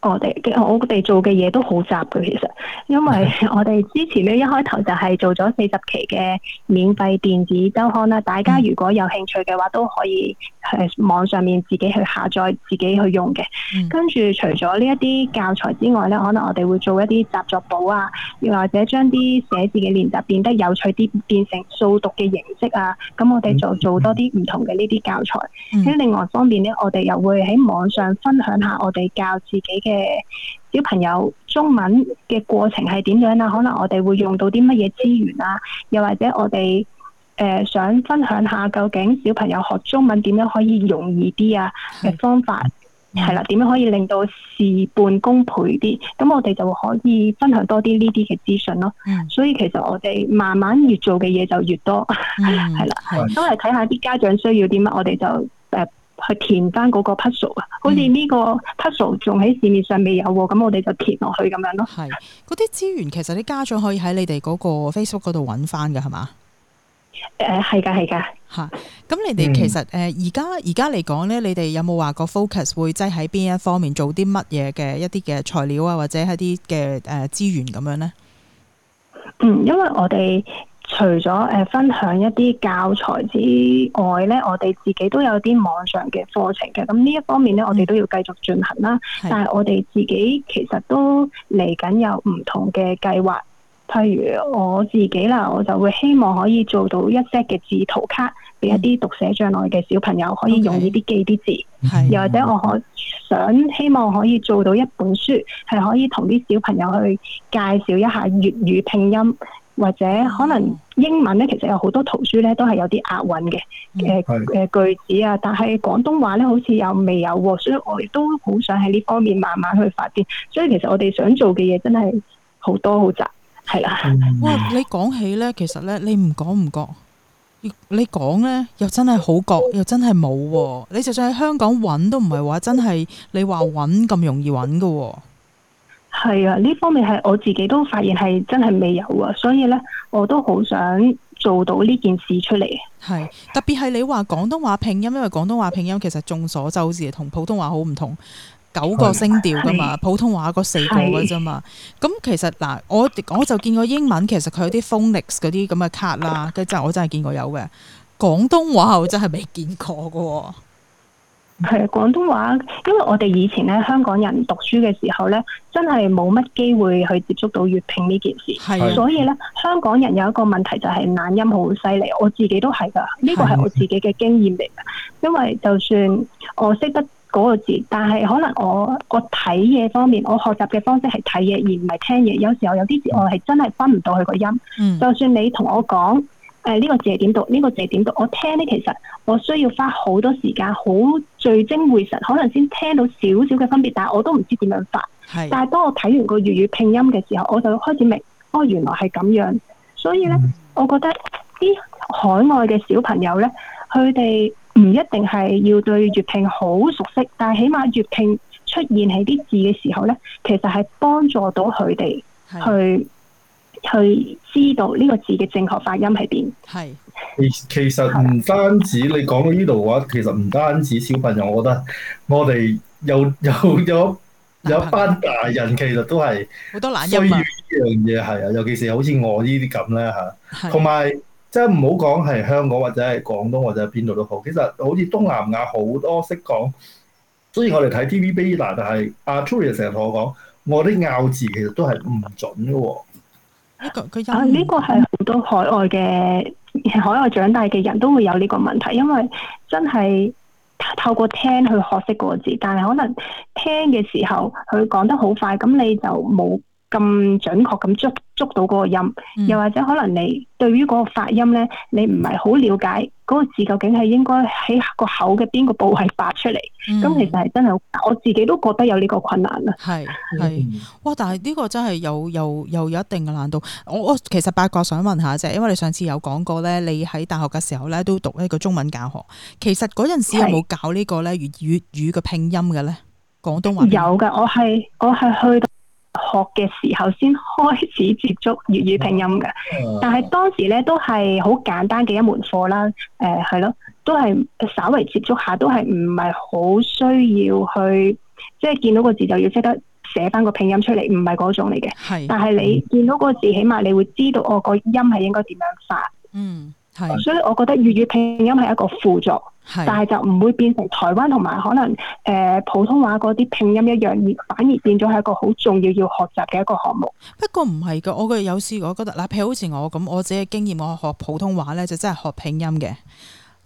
我哋嘅我哋做嘅嘢都好雜嘅，其實，因為我哋之前呢，一開頭就係做咗四十期嘅免費電子周刊啦，大家如果有興趣嘅話，都可以喺網上面自己去下載、自己去用嘅。跟住除咗呢一啲教材之外呢，可能我哋會做一啲習作簿啊，又或者將啲寫字嘅練習變得有趣啲，變成數獨嘅形式啊。咁我哋就做多啲唔同嘅呢啲教材。喺、嗯、另外方面呢，我哋又會喺網上分享下我哋教自己。你嘅小朋友中文嘅過程係點樣啊？可能我哋會用到啲乜嘢資源啊？又或者我哋誒、呃、想分享下究竟小朋友學中文點樣可以容易啲啊嘅方法係、嗯、啦？點樣可以令到事半功倍啲？咁我哋就可以分享多啲呢啲嘅資訊咯。嗯、所以其實我哋慢慢越做嘅嘢就越多，係、嗯、啦，是都係睇下啲家長需要啲乜，我哋就誒。呃去填翻嗰個 puzzle 啊，好似呢個 puzzle 仲喺市面上未有喎，咁、嗯、我哋就填落去咁樣咯。係，嗰啲資源其實啲家長可以喺你哋嗰個 Facebook 嗰度揾翻噶，係嘛？誒、呃，係噶，係噶，吓、啊。咁你哋其實誒，而家而家嚟講咧，你哋有冇話個 focus 會擠喺邊一方面做啲乜嘢嘅一啲嘅材料啊，或者係啲嘅誒資源咁樣咧？嗯，因為我哋。除咗誒分享一啲教材之外咧，我哋自己都有啲網上嘅課程嘅，咁呢一方面咧，我哋都要繼續進行啦。的但係我哋自己其實都嚟緊有唔同嘅計劃，譬如我自己啦，我就會希望可以做到一些嘅字圖卡，俾一啲讀寫障礙嘅小朋友可以用呢啲記啲字。又 Okay. 或者我可想的希望可以做到一本書，係可以同啲小朋友去介紹一下粵語拼音。或者可能英文咧，其實有好多圖書咧都係有啲押韻嘅，誒誒、嗯、句子啊。但係廣東話咧，好似又未有喎、啊，所以我亦都好想喺呢方面慢慢去發展。所以其實我哋想做嘅嘢真係好多好雜，係啦。喂、啊嗯！你講起咧，其實咧，你唔講唔覺，你講咧又真係好覺，又真係冇喎。你就算喺香港揾都唔係話真係你話揾咁容易揾嘅喎。係啊，呢方面係我自己都發現係真係未有啊，所以咧我都好想做到呢件事出嚟。係特別係你話廣東話拼音，因為廣東話拼音其實眾所周知同普通話好唔同，九個聲調噶嘛，是普通話嗰四個噶啫嘛。咁是、嗯、其實嗱，我我就見過英文，其實佢有啲 phonics 嗰啲咁嘅卡啦，即係我真係見過有嘅。廣東話我真係未見過噶。係廣東話，因為我哋以前咧香港人讀書嘅時候咧，真係冇乜機會去接觸到粵拼呢件事，的所以咧香港人有一個問題就係懶音好犀利，我自己都係噶，呢、這個係我自己嘅經驗嚟㗎。因為就算我識得嗰個字，但係可能我我睇嘢方面，我學習嘅方式係睇嘢而唔係聽嘢，有時候有啲字我係真係分唔到佢個音。嗯、就算你同我講。誒呢、呃呢個字係點讀？呢、呢個字係點讀？我聽呢，其實我需要花好多時間，好聚精會神，可能先聽到少少嘅分別，但係我都唔知點樣發。是但係當我睇完個粵語拼音嘅時候，我就開始明，哦，原來係咁樣。所以呢，嗯、我覺得啲海外嘅小朋友呢，佢哋唔一定係要對粵拼好熟悉，但係起碼粵拼出現喺啲字嘅時候呢，其實係幫助到佢哋去。去知道呢個字嘅正確發音係邊？係是，其其實唔單止你講到呢度嘅話，其實唔單止小朋友，我覺得我哋有有有有班大人，其實都係好多懶音呢樣嘢係啊，尤，尤其是好似我呢啲咁咧嚇。同埋是即係唔好講係香港或者係廣東或者係邊度都好，其實好似東南亞好多識講。雖然我哋睇 TVB，但係阿 Tury 成日同我講，我啲拗字其實都係唔準嘅喎。呢個係好多海外嘅海外長大嘅人都會有呢個問題，因為真係透過聽去學識嗰個字，但係可能聽嘅時候佢講得好快，咁你就冇。咁準確咁捉捉到嗰個音，嗯、又或者可能你對於嗰個發音咧，你唔係好了解嗰個字究竟係應該喺個口嘅邊個部位發出嚟，咁、嗯、其實係真係，我自己都覺得有呢個困難啦。係係，嗯、哇！但係呢個真係有有有有一定嘅難度。我我其實八卦想問下啫，因為你上次有講過咧，你喺大學嘅時候咧都讀呢個中文教學，其實嗰陣時有冇搞個呢個咧粵語嘅拼音嘅咧？廣東話有㗎，我係我係去到。學嘅時候先開始接觸粵語拼音嘅，但係當時咧都係好簡單嘅一門課啦。誒、呃，係咯，都係稍微接觸下，都係唔係好需要去，即係見到個字就要識得寫翻個拼音出嚟，唔係嗰種嚟嘅。係，但係你見到個字，嗯、起碼你會知道我個音係應該點樣發。嗯，係。所以我覺得粵語拼音係一個輔助。是但係就唔會變成台灣同埋可能誒、呃、普通話嗰啲拼音一樣，而反而變咗係一個好重要要學習嘅一個項目。不過唔係噶，我有試過覺得嗱，譬如好似我咁，我自己嘅經驗，我學普通話咧就真係學拼音嘅。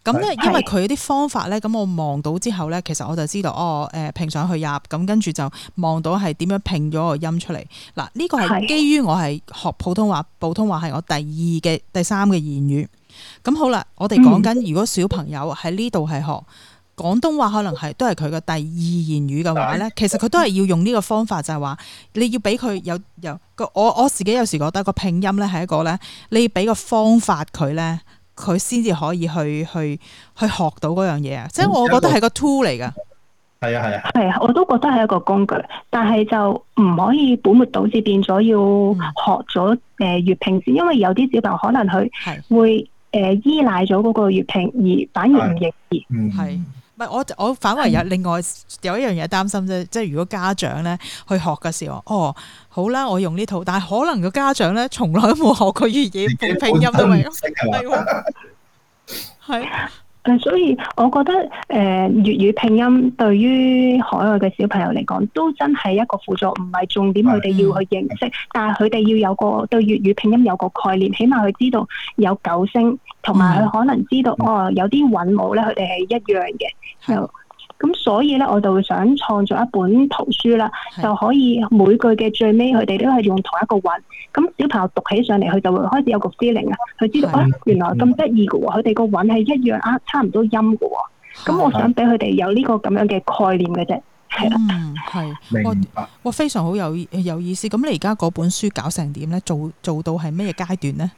咁咧，是因為佢啲方法咧，咁是我望到之後咧，其實我就知道哦，誒拼上去入，咁跟住就望到係點樣拼咗個音出嚟。嗱，呢個係基於我係學普通話，普通話係我第二嘅第三嘅言語。咁好啦，我哋講緊，如果小朋友喺呢度係學廣東話，可能係都係佢嘅第二言語嘅話咧，其實佢都係要用呢個方法，就係話你要俾佢有有個我我自己有時覺得個拼音咧係一個咧，你要俾個方法佢咧，佢先至可以去去去，去學到嗰樣嘢啊。即係我覺得係個 tool 嚟噶。係啊，係啊，係啊，我都覺得係一個工具，但係就唔可以本末倒置變咗要學咗誒粵拼先，因為有啲小朋友可能佢會。誒、呃，依賴咗嗰個粵拼而反而唔認字，係唔係？我我反為有另外有一樣嘢擔心啫，即係的如果家長咧去學嘅時候，哦，好啦，我用呢套，但係可能個家長咧從來都冇學過粵語，連拼音都未咯，係。 所以我覺得誒粵語拼音對於海外嘅小朋友嚟講，都真係一個輔助，唔係重點。佢哋要去認識，的但係佢哋要有個對粵語拼音有個概念，起碼佢知道有九聲，同埋佢可能知道，的哦，有啲韻母咧，佢哋係一樣嘅。咁所以咧，我就會想創作一本圖書啦，的就可以每句嘅最尾佢哋都係用同一個韻。咁小朋友讀起上嚟，佢就會開始有個 feeling 呢。佢知道的啊，原來咁得意嘅喎，佢哋個韻係一樣啊，差唔多音嘅喎。咁的我想俾佢哋有呢個咁樣嘅概念嘅啫。係啦，嗯係，明白，我非常好有有意思。咁你而家嗰本書搞成點咧？做做到係咩階段咧？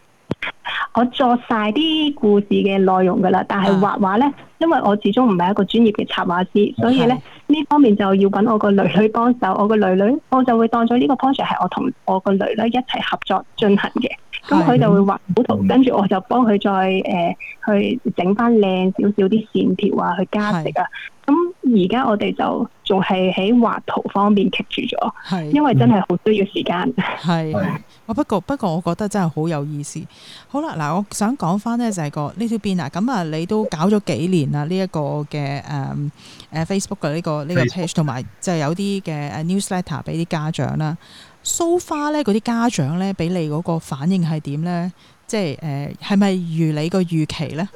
我作晒啲故事嘅內容㗎喇，但係畫畫呢，因為我始終唔係一個專業嘅插畫師，啊、所以咧呢方面就要搵我個女女幫手。我個女女，我就會當咗呢個 project 係我同我個女女一齊合作進行嘅。咁佢的就會畫好圖，跟住我就幫佢再誒、呃、去整翻靚少少啲線條啊，去加值的啊。咁而家我哋就仲係喺畫圖方面棘住咗，係是因為真係好需要時間。係啊是， 不過不過我覺得真係好有意思。好啦，嗱、呃，我想講翻咧就係、是這個呢條邊啊。咁、這、啊、個，你都搞咗幾年啦？呢、這、一個嘅誒誒 Facebook 嘅呢、這個呢 Facebook. 個 page，同埋就係有啲嘅誒 newsletter 俾啲家長啦。So far 咧嗰啲家長咧，俾你嗰個反應係點咧？即係誒，係、呃、咪如你個預期咧？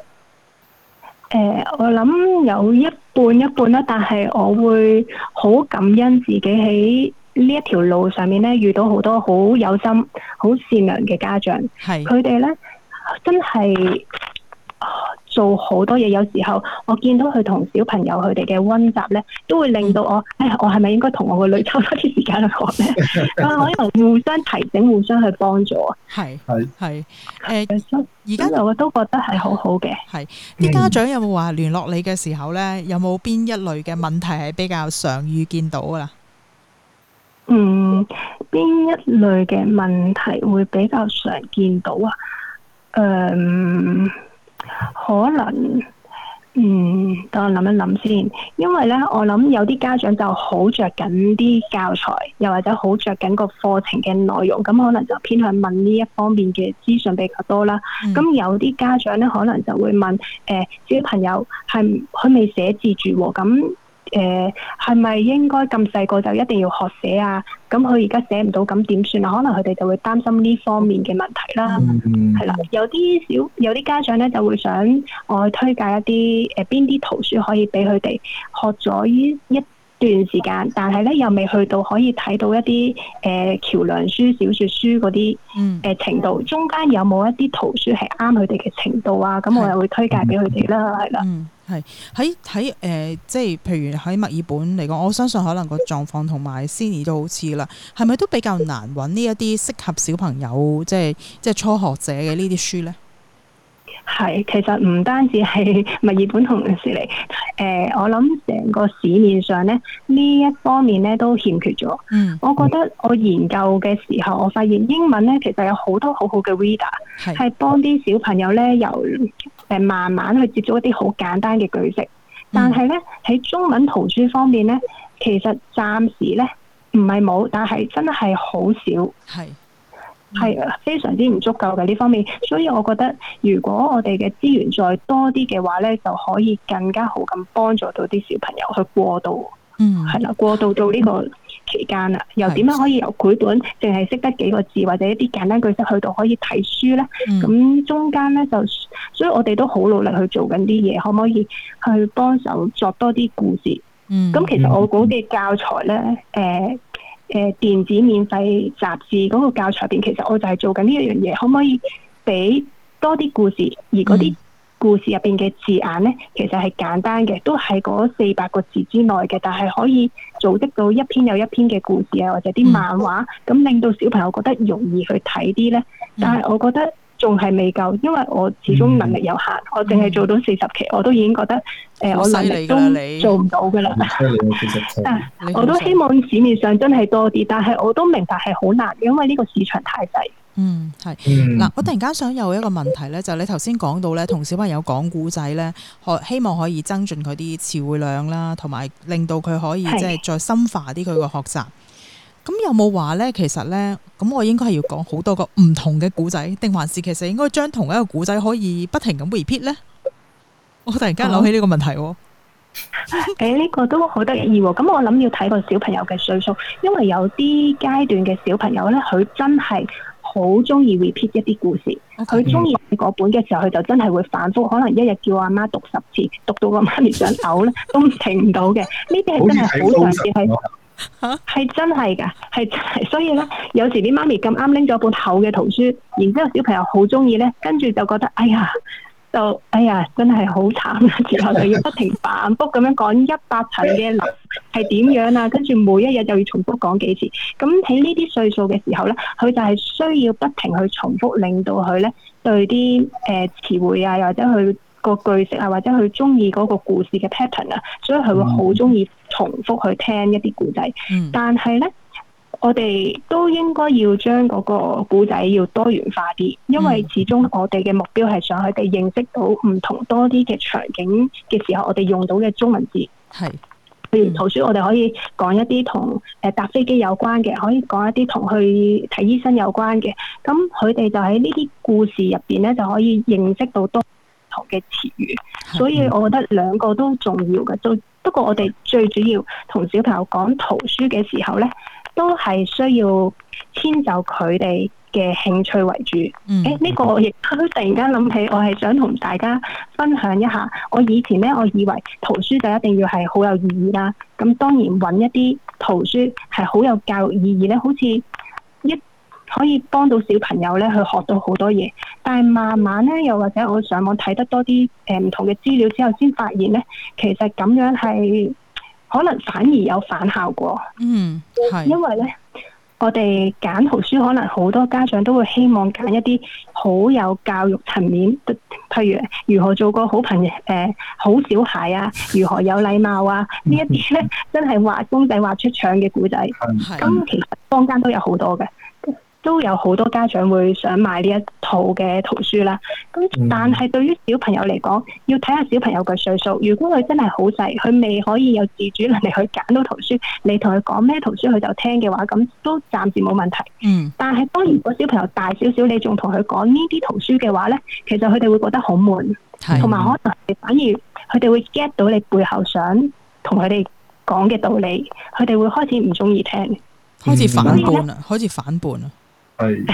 誒、呃，我諗有一半一半啦，但係我會好感恩自己喺呢一條路上面咧，遇到好多好有心、好善良嘅家長，係佢哋咧真係。做好多嘢，有時候我見到佢同小朋友佢哋嘅溫習呢，都會令到我，哎，我係咪應該同我個女抽多啲時間去學呢？佢 可能互相提醒、互相去幫助啊。係係係，而家我我都覺得係好好嘅。係、嗯，啲家長有冇話聯絡你嘅時候呢？有冇邊一類嘅問題係比較常遇見到噶啦？嗯，邊一類嘅問題會比較常見到啊？嗯。可能，嗯，等我諗一諗先，因為咧，我諗有啲家長就好着緊啲教材，又或者好着緊個課程嘅內容，咁可能就偏向問呢一方面嘅資訊比較多啦。咁、嗯、有啲家長咧，可能就會問，誒、呃，小朋友係佢未寫字住咁。誒係咪應該咁細個就一定要學寫啊？咁佢而家寫唔到，咁點算啊？可能佢哋就會擔心呢方面嘅問題啦。係、嗯、啦，有啲小有啲家長咧就會想我推介一啲誒邊啲圖書可以俾佢哋學咗呢一段時間，但係咧又未去到可以睇到一啲誒橋梁書、小説書嗰啲誒程度，嗯、中間有冇一啲圖書係啱佢哋嘅程度啊？咁我又會推介俾佢哋啦。係啦、嗯。嗯嗯。係喺喺誒，即係、呃、譬如喺墨爾本嚟講，我相信可能個狀況同埋 Sydney 都好似啦，係咪都比較難揾呢一啲適合小朋友，即係即係初學者嘅呢啲書咧？係，其實唔單止係墨爾本同迪士尼，誒、呃，我諗成個市面上咧呢一方面咧都欠缺咗。嗯，我覺得我研究嘅時候，我發現英文咧其實有好多好好嘅 reader 係幫啲小朋友咧由誒、呃、慢慢去接觸一啲好簡單嘅句式，但係咧喺中文圖書方面咧，其實暫時咧唔係冇，但係真係好少。係。係啊，非常之唔足夠嘅呢方面，所以我覺得如果我哋嘅資源再多啲嘅話咧，就可以更加好咁幫助到啲小朋友去過渡，嗯，係啦，過渡到呢個期間啦，又點樣可以由繪本淨係識得幾個字或者一啲簡單句式去到可以睇書咧？咁、嗯、中間咧就，所以我哋都好努力去做緊啲嘢，可唔可以去幫手作多啲故事？嗯，咁其實我估嘅教材咧，誒、嗯。嗯嗯誒電子免費雜誌嗰個教材入邊，其實我就係做緊呢一樣嘢，可唔可以俾多啲故事？而嗰啲故事入邊嘅字眼呢，其實係簡單嘅，都係嗰四百個字之內嘅，但係可以組織到一篇又一篇嘅故事啊，或者啲漫畫，咁、嗯、令到小朋友覺得容易去睇啲呢。但係我覺得，仲係未夠，因為我始終能力有限，嗯、我淨係做到四十期，我都已經覺得誒，呃、哇我能力都你做唔到噶啦。 但我都希望市面上真係多啲，但係我都明白係好難，因為呢個市場太細、嗯。嗯，係、嗯。嗱，我突然間想有一個問題咧，就是、你頭先講到咧，同小朋友講古仔咧，可希望可以增進佢啲詞彙量啦，同埋令到佢可以即係的再深化啲佢個學習。咁有冇話呢？其實呢，咁我應該係要講好多個唔同嘅古仔，定還是其實應該將同一個古仔可以不停咁 repeat 呢？我突然間諗起呢個問題，誒 呢個都好得意。咁我諗要睇個小朋友嘅歲數，因為有啲階段嘅小朋友呢，佢真係好中意 repeat 一啲故事。佢中意嗰本嘅時候，佢就真係會反覆，可能一日叫阿媽讀十次，讀到個媽咪想嘔咧，都停唔到嘅。呢啲係真係好常見。吓，係真係噶，係真係，所以咧，有時啲媽咪咁啱拎咗本厚嘅圖書，然之後小朋友好中意咧，跟住就覺得，哎呀，就哎呀，真係好慘啊！然後就要不停反復咁樣講一百層嘅樓係點樣啊，跟住每一日又要重複講幾次。咁喺呢啲歲數嘅時候咧，佢就係需要不停去重複，令到佢咧對啲誒詞彙啊，又或者去。個句式啊，或者佢中意嗰個故事嘅 pattern 啊，所以佢會好中意重複去聽一啲故仔。但係呢，我哋都應該要將嗰個故仔要多元化啲，因為始終我哋嘅目標係想佢哋認識到唔同多啲嘅場景嘅時候，我哋用到嘅中文字係。譬如圖書，我哋可以講一啲同誒搭飛機有關嘅，可以講一啲同去睇醫生有關嘅。咁佢哋就喺呢啲故事入邊呢，就可以認識到多嘅詞語，所以我覺得兩個都重要嘅，最不過我哋最主要同小朋友講圖書嘅時候呢，都係需要遷就佢哋嘅興趣為主。嗯、欸，呢、這個我亦都突然間諗起，我係想同大家分享一下，我以前呢，我以為圖書就一定要係好有意義啦。咁當然揾一啲圖書係好有教育意義呢，好似。可以幫到小朋友咧，去學到好多嘢。但係慢慢咧，又或者我上網睇得多啲誒，唔同嘅資料之後，先發現咧，其實咁樣係可能反而有反效果。嗯，係因為咧，我哋揀圖書可能好多家長都會希望揀一啲好有教育層面，譬如如何做個好朋友誒、呃、好小孩啊，如何有禮貌啊 呢一啲咧，真係畫公仔畫出腸嘅古仔。咁其實坊間都有好多嘅。都有好多家長會想買呢一套嘅圖書啦，咁但係對於小朋友嚟講，要睇下小朋友嘅歲數。如果佢真係好細，佢未可以有自主能力去揀到圖書，你同佢講咩圖書佢就聽嘅話，咁都暫時冇問題。嗯、但係當然如果小朋友大少少，你仲同佢講呢啲圖書嘅話呢，其實佢哋會覺得好悶，同埋、嗯、可能反而佢哋會 get 到你背後想同佢哋講嘅道理，佢哋會開始唔中意聽、嗯開，開始反叛啊。係，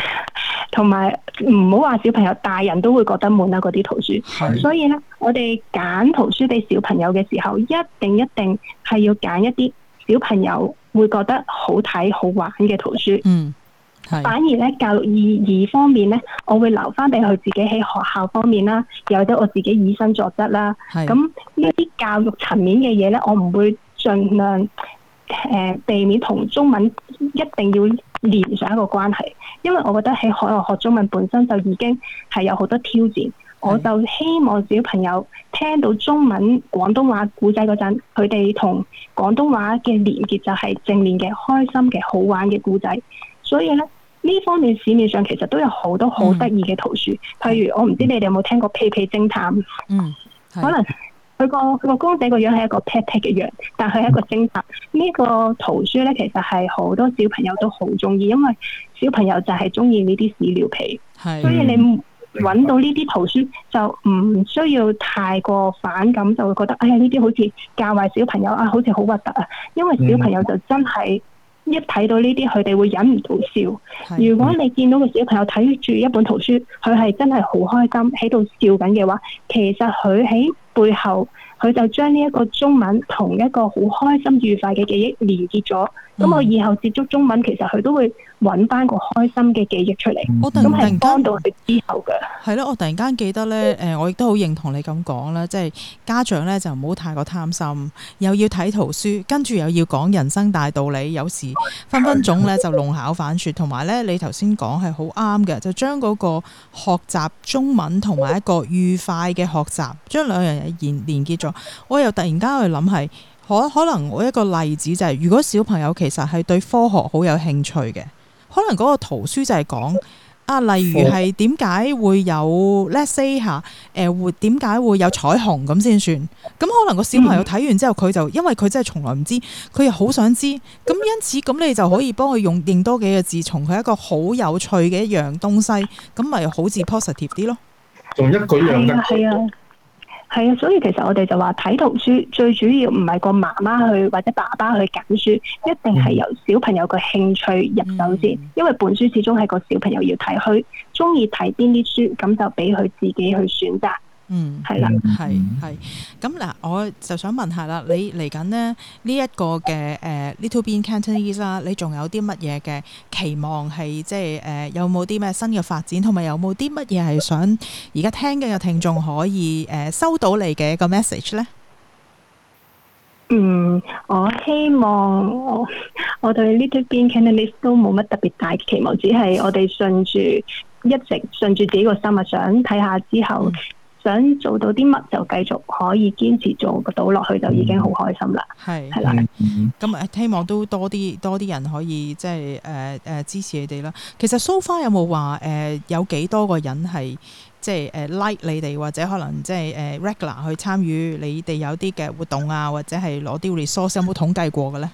同埋唔好話小朋友，大人都會覺得悶啦。嗰啲圖書，係。所以咧，我哋揀圖書俾小朋友嘅時候，一定一定係要揀一啲小朋友會覺得好睇、好玩嘅圖書。嗯，係。反而咧，教育意義方面咧，我會留翻俾佢自己喺學校方面啦，又或者我自己以身作則啦。咁呢啲教育層面嘅嘢咧，我唔會盡量、呃、避免同中文一定要連上一個關係。因為我覺得喺海外學中文本身就已經係有好多挑戰，我就希望小朋友聽到中文廣東話古仔嗰陣，佢哋同廣東話嘅連結就係正面嘅、開心嘅、好玩嘅古仔。所以咧，呢方面市面上其實都有好多好得意嘅圖書，譬、嗯、如我唔知你哋有冇聽過屁屁偵探？嗯，可能佢個佢個公仔個樣係一個 pat pat 嘅樣，但係佢係一個偵探。呢個圖書呢，其實係好多小朋友都好中意，因為。小朋友就係中意呢啲屎尿屁，是所以你揾到呢啲圖書就唔需要太過反感，就會覺得哎呀呢啲好似教壞小朋友啊，好似好核突啊！因為小朋友就真係一睇到呢啲，佢哋、嗯、會忍唔到笑。嗯、如果你見到個小朋友睇住一本圖書，佢係真係好開心喺度笑緊嘅話，其實佢喺背後佢就將呢一個中文同一個好開心愉快嘅記憶連結咗。咁我以後接觸中文，其實佢都會。揾翻個開心嘅記憶出嚟，我突然間幫到佢之後嘅。係咯，我突然間記得咧，誒、嗯呃，我亦都好認同你咁講啦，即係家長咧就唔好太過貪心，又要睇圖書，跟住又要講人生大道理，有時分分種分分鐘咧就弄巧反拙。同埋咧，你頭先講係好啱嘅，就將嗰個學習中文同埋一個愉快嘅學習，將兩樣嘢連連結咗。我又突然間去諗，係可可能我一個例子就係、是，如果小朋友其實係對科學好有興趣嘅。可能嗰個圖書就係講啊，例如係點解會有 let's say 嚇，誒會點解會有彩虹咁先算？咁可能個小朋友睇完之後，佢、嗯、就因為佢真係從來唔知，佢又好想知，咁因此咁你就可以幫佢用認多幾個字，從佢一個好有趣嘅一樣東西，咁咪好似 positive 啲咯，仲一舉兩得。嗯嗯嗯係啊，所以其實我哋就話睇圖書最主要唔係個媽媽去或者爸爸去揀書，一定係由小朋友個興趣入手先，因為本書始終係個小朋友要睇，佢中意睇邊啲書，咁就俾佢自己去選擇。嗯，係啦，係係，咁嗱，我就想問下啦，你嚟緊咧呢一個嘅誒、呃、Little Bean Cantonese 啦，你仲有啲乜嘢嘅期望？係即係誒、呃，有冇啲咩新嘅發展？同埋有冇啲乜嘢係想而家聽緊嘅聽眾可以誒、呃、收到你嘅一個 message 咧？嗯，我希望我我對 Little Bean Cantonese 都冇乜特別大嘅期望，只係我哋順住一直順住自己個心啊，想睇下之後。嗯想做到啲乜就繼續可以堅持做到落去就已經好開心啦。係係啦，咁誒希望都多啲多啲人可以即係誒誒支持你哋啦。其實 so far 有冇話誒有幾多個人係即係誒 like 你哋或者可能即係誒 regular 去參與你哋有啲嘅活動啊，或者係攞啲 resource 有冇統計過嘅咧？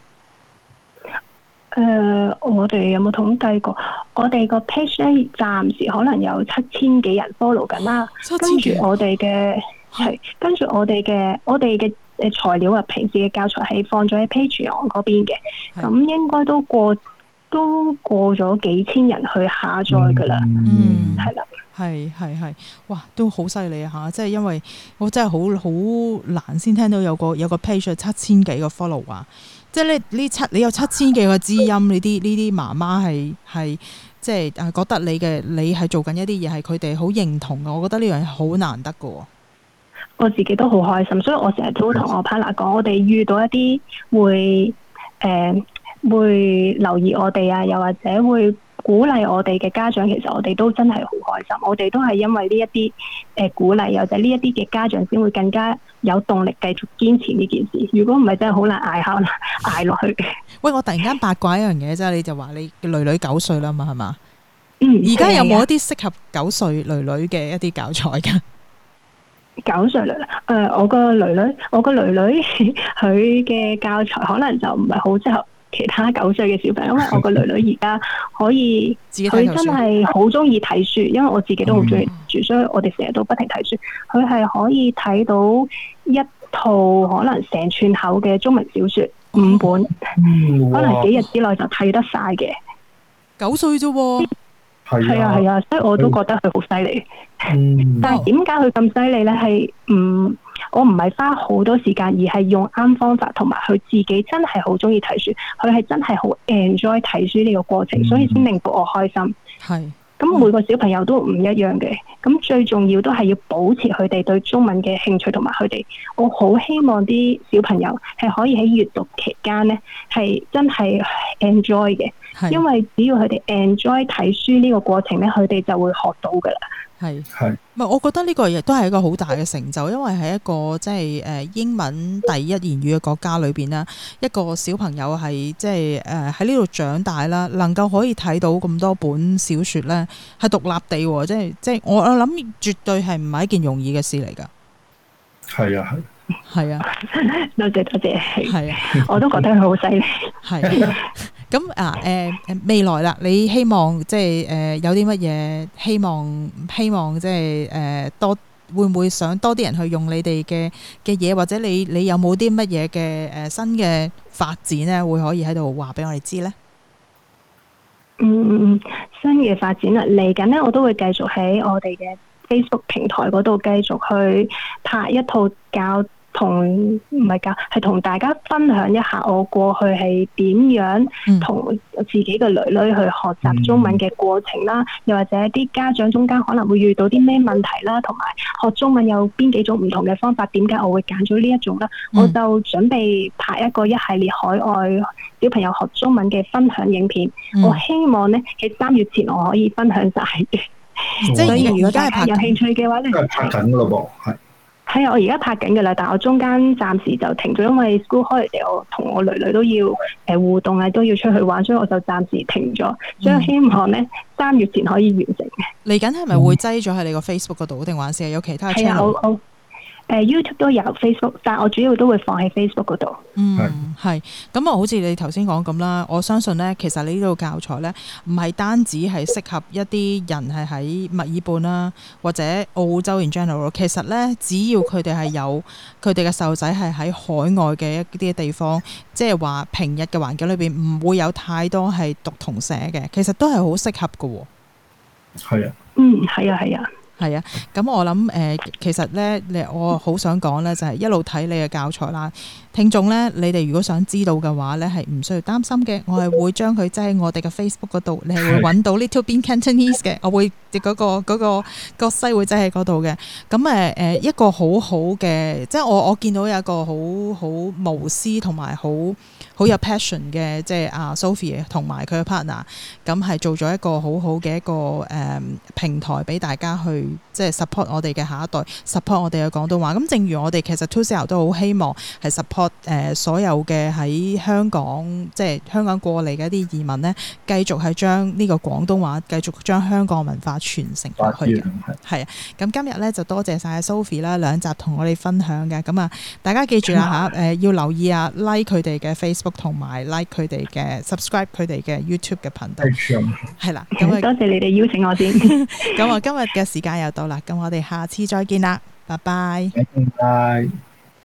誒、呃，我哋有冇統計過？我哋個 page 咧，暫時可能有七千幾人 follow 緊啦。七千。跟住我哋嘅係，跟住我哋嘅，我哋嘅誒材料啊，平時嘅教材係放咗喺 page 上嗰邊嘅。係的。咁應該都過，都過咗幾千人去下載噶啦。嗯。係啦的。係係係，哇，都好犀利啊！吓，即係因為我真係好好難先聽到有個有個 page 七千幾個 follow 啊！即係你呢七，你有七千幾個知音，呢啲呢啲媽媽係係即係，媽媽就是，覺得你嘅你係做緊一啲嘢，係佢哋好認同嘅。我覺得呢樣係好難得嘅。我自己都好開心，所以我成日都同我 partner 講，我哋遇到一啲會誒、呃、會留意我哋啊，又或者會，鼓勵我哋嘅家長，其實我哋都真係好開心，我哋都係因為呢一啲誒鼓勵，又或者呢一啲嘅家長，先會更加有動力繼續堅持呢件事。如果唔係，真係好難捱下，捱落去嘅。喂，我突然間八卦一樣嘢，即係你就話你女女九歲啦嘛，係嘛？嗯，而家有冇一啲適合九歲女女嘅一啲教材噶？九歲女，誒，我個女女，我個女女，佢嘅教材可能就唔係好適合。其他九歲嘅小朋友，因為我個女女而家可以，佢真係好中意睇書，因為我自己都好中意睇書，嗯、所以我哋成日都不停睇書。佢係可以睇到一套可能成串口嘅中文小說五本，嗯、可能幾日之內就睇得晒嘅。九歲啫，係啊係啊，啊所以我都覺得佢好犀利。嗯、但係點解佢咁犀利咧？係唔。我唔係花好多時間，而係用啱方法，同埋佢自己真係好鍾意睇書，佢係真係好 enjoy 睇書呢個過程，嗯、所以先令到我開心。係是。咁每個小朋友都唔一樣嘅，咁最重要都係要保持佢哋對中文嘅興趣，同埋佢哋。我好希望啲小朋友係可以喺閱讀期間呢係真係 enjoy 嘅，因為只要佢哋 enjoy 睇書呢個過程咧，佢哋就會學到㗎喇。係係，唔係我覺得呢個亦都係一個好大嘅成就，因為喺一個即係誒英文第一言語嘅國家裏邊啦，一個小朋友係即係誒喺呢度長大啦，能夠可以睇到咁多本小說咧，係獨立地即係即係我我諗絕對係唔係一件容易嘅事嚟噶。係啊係，係啊、啊、啊 多，多謝多謝，係啊， 我都覺得佢好犀利，係。 咁啊，誒誒未來啦，你希望即係誒有啲乜嘢希望？希望即係誒多會唔會想多啲人去用你哋嘅嘅嘢，或者你你有冇啲乜嘢嘅誒新嘅發展咧？會可以喺度話俾我哋知咧？嗯嗯嗯，新嘅發展啊，嚟緊咧，我都會繼續喺我哋嘅 Facebook 平台嗰度繼續去拍一套教。同唔係教，係同大家分享一下我過去係點樣同自己嘅女女去學習中文嘅過程啦，嗯、又或者啲家長中間可能會遇到啲咩問題啦，同埋學中文有邊幾種唔同嘅方法，點解我會揀咗呢一種咧？嗯、我就準備拍一個一系列海外小朋友學中文嘅分享影片，嗯、我希望呢，喺三月前我可以分享晒。嚟、哦。所以如果真係有興趣嘅話呢都緊係啊，我而家拍緊嘅啦，但係我中間暫時就停咗，因為 school holiday，我同我女女都要誒互動啊，都要出去玩，所以我就暫時停咗。所以我希望咧三月前可以完成。嚟緊係咪會擠咗喺你個 Facebook 嗰度定還是有其他 channel？誒 YouTube 都有 Facebook，但我主要都會放喺 Facebook 嗰度，嗯。嗯，係。咁、嗯、啊，好似你頭先講咁啦，我相信咧，其實你呢度教材咧，唔係單止係適合一啲人係喺墨爾本啦，或者澳洲 in general，其實咧，只要佢哋係有佢哋嘅細路仔係喺海外嘅一啲地方，即係話平日嘅環境裏邊唔會有太多係讀同寫嘅，其實都係好適合㗎。係啊。嗯，係啊，係啊。係啊，咁我諗誒、呃，其實咧，你我好想講咧，就係、是、一路睇你嘅教材啦。聽眾咧，你哋如果想知道嘅話咧，係唔需要擔心嘅。我係會將佢擠喺我哋嘅 Facebook 嗰度，你係會搵到 Little Bean Cantonese 嘅。的我會嗰、那個嗰、那個、那個西會擠喺嗰度嘅。咁誒誒，一個好好嘅，即係我我見到有一個好好無私同埋好。好有 passion 嘅，即係阿 Sophie 同埋佢嘅 partner，咁係做咗一個好好嘅一個誒平台俾大家去即係 support 我哋嘅下一代，support 我哋嘅廣東話，咁正如我哋其實 Two Sail 都好希望係 support 誒所有嘅喺香港，即係香港過嚟嘅一啲移民咧，繼續係將呢個廣東話繼續將香港文化傳承落去嘅。係啊，咁今日咧就多謝曬 Sophie 啦，兩集同我哋分享嘅。咁啊，大家記住啦吓，誒要留意啊 Like 佢哋嘅 Facebook。Like 同埋 like 佢哋嘅 subscribe 佢哋嘅 YouTube 嘅頻道，係啦，哎喲。咁多謝你哋邀請我先。咁 我今日嘅時間又到啦，咁我哋下次再見啦，拜拜。拜拜。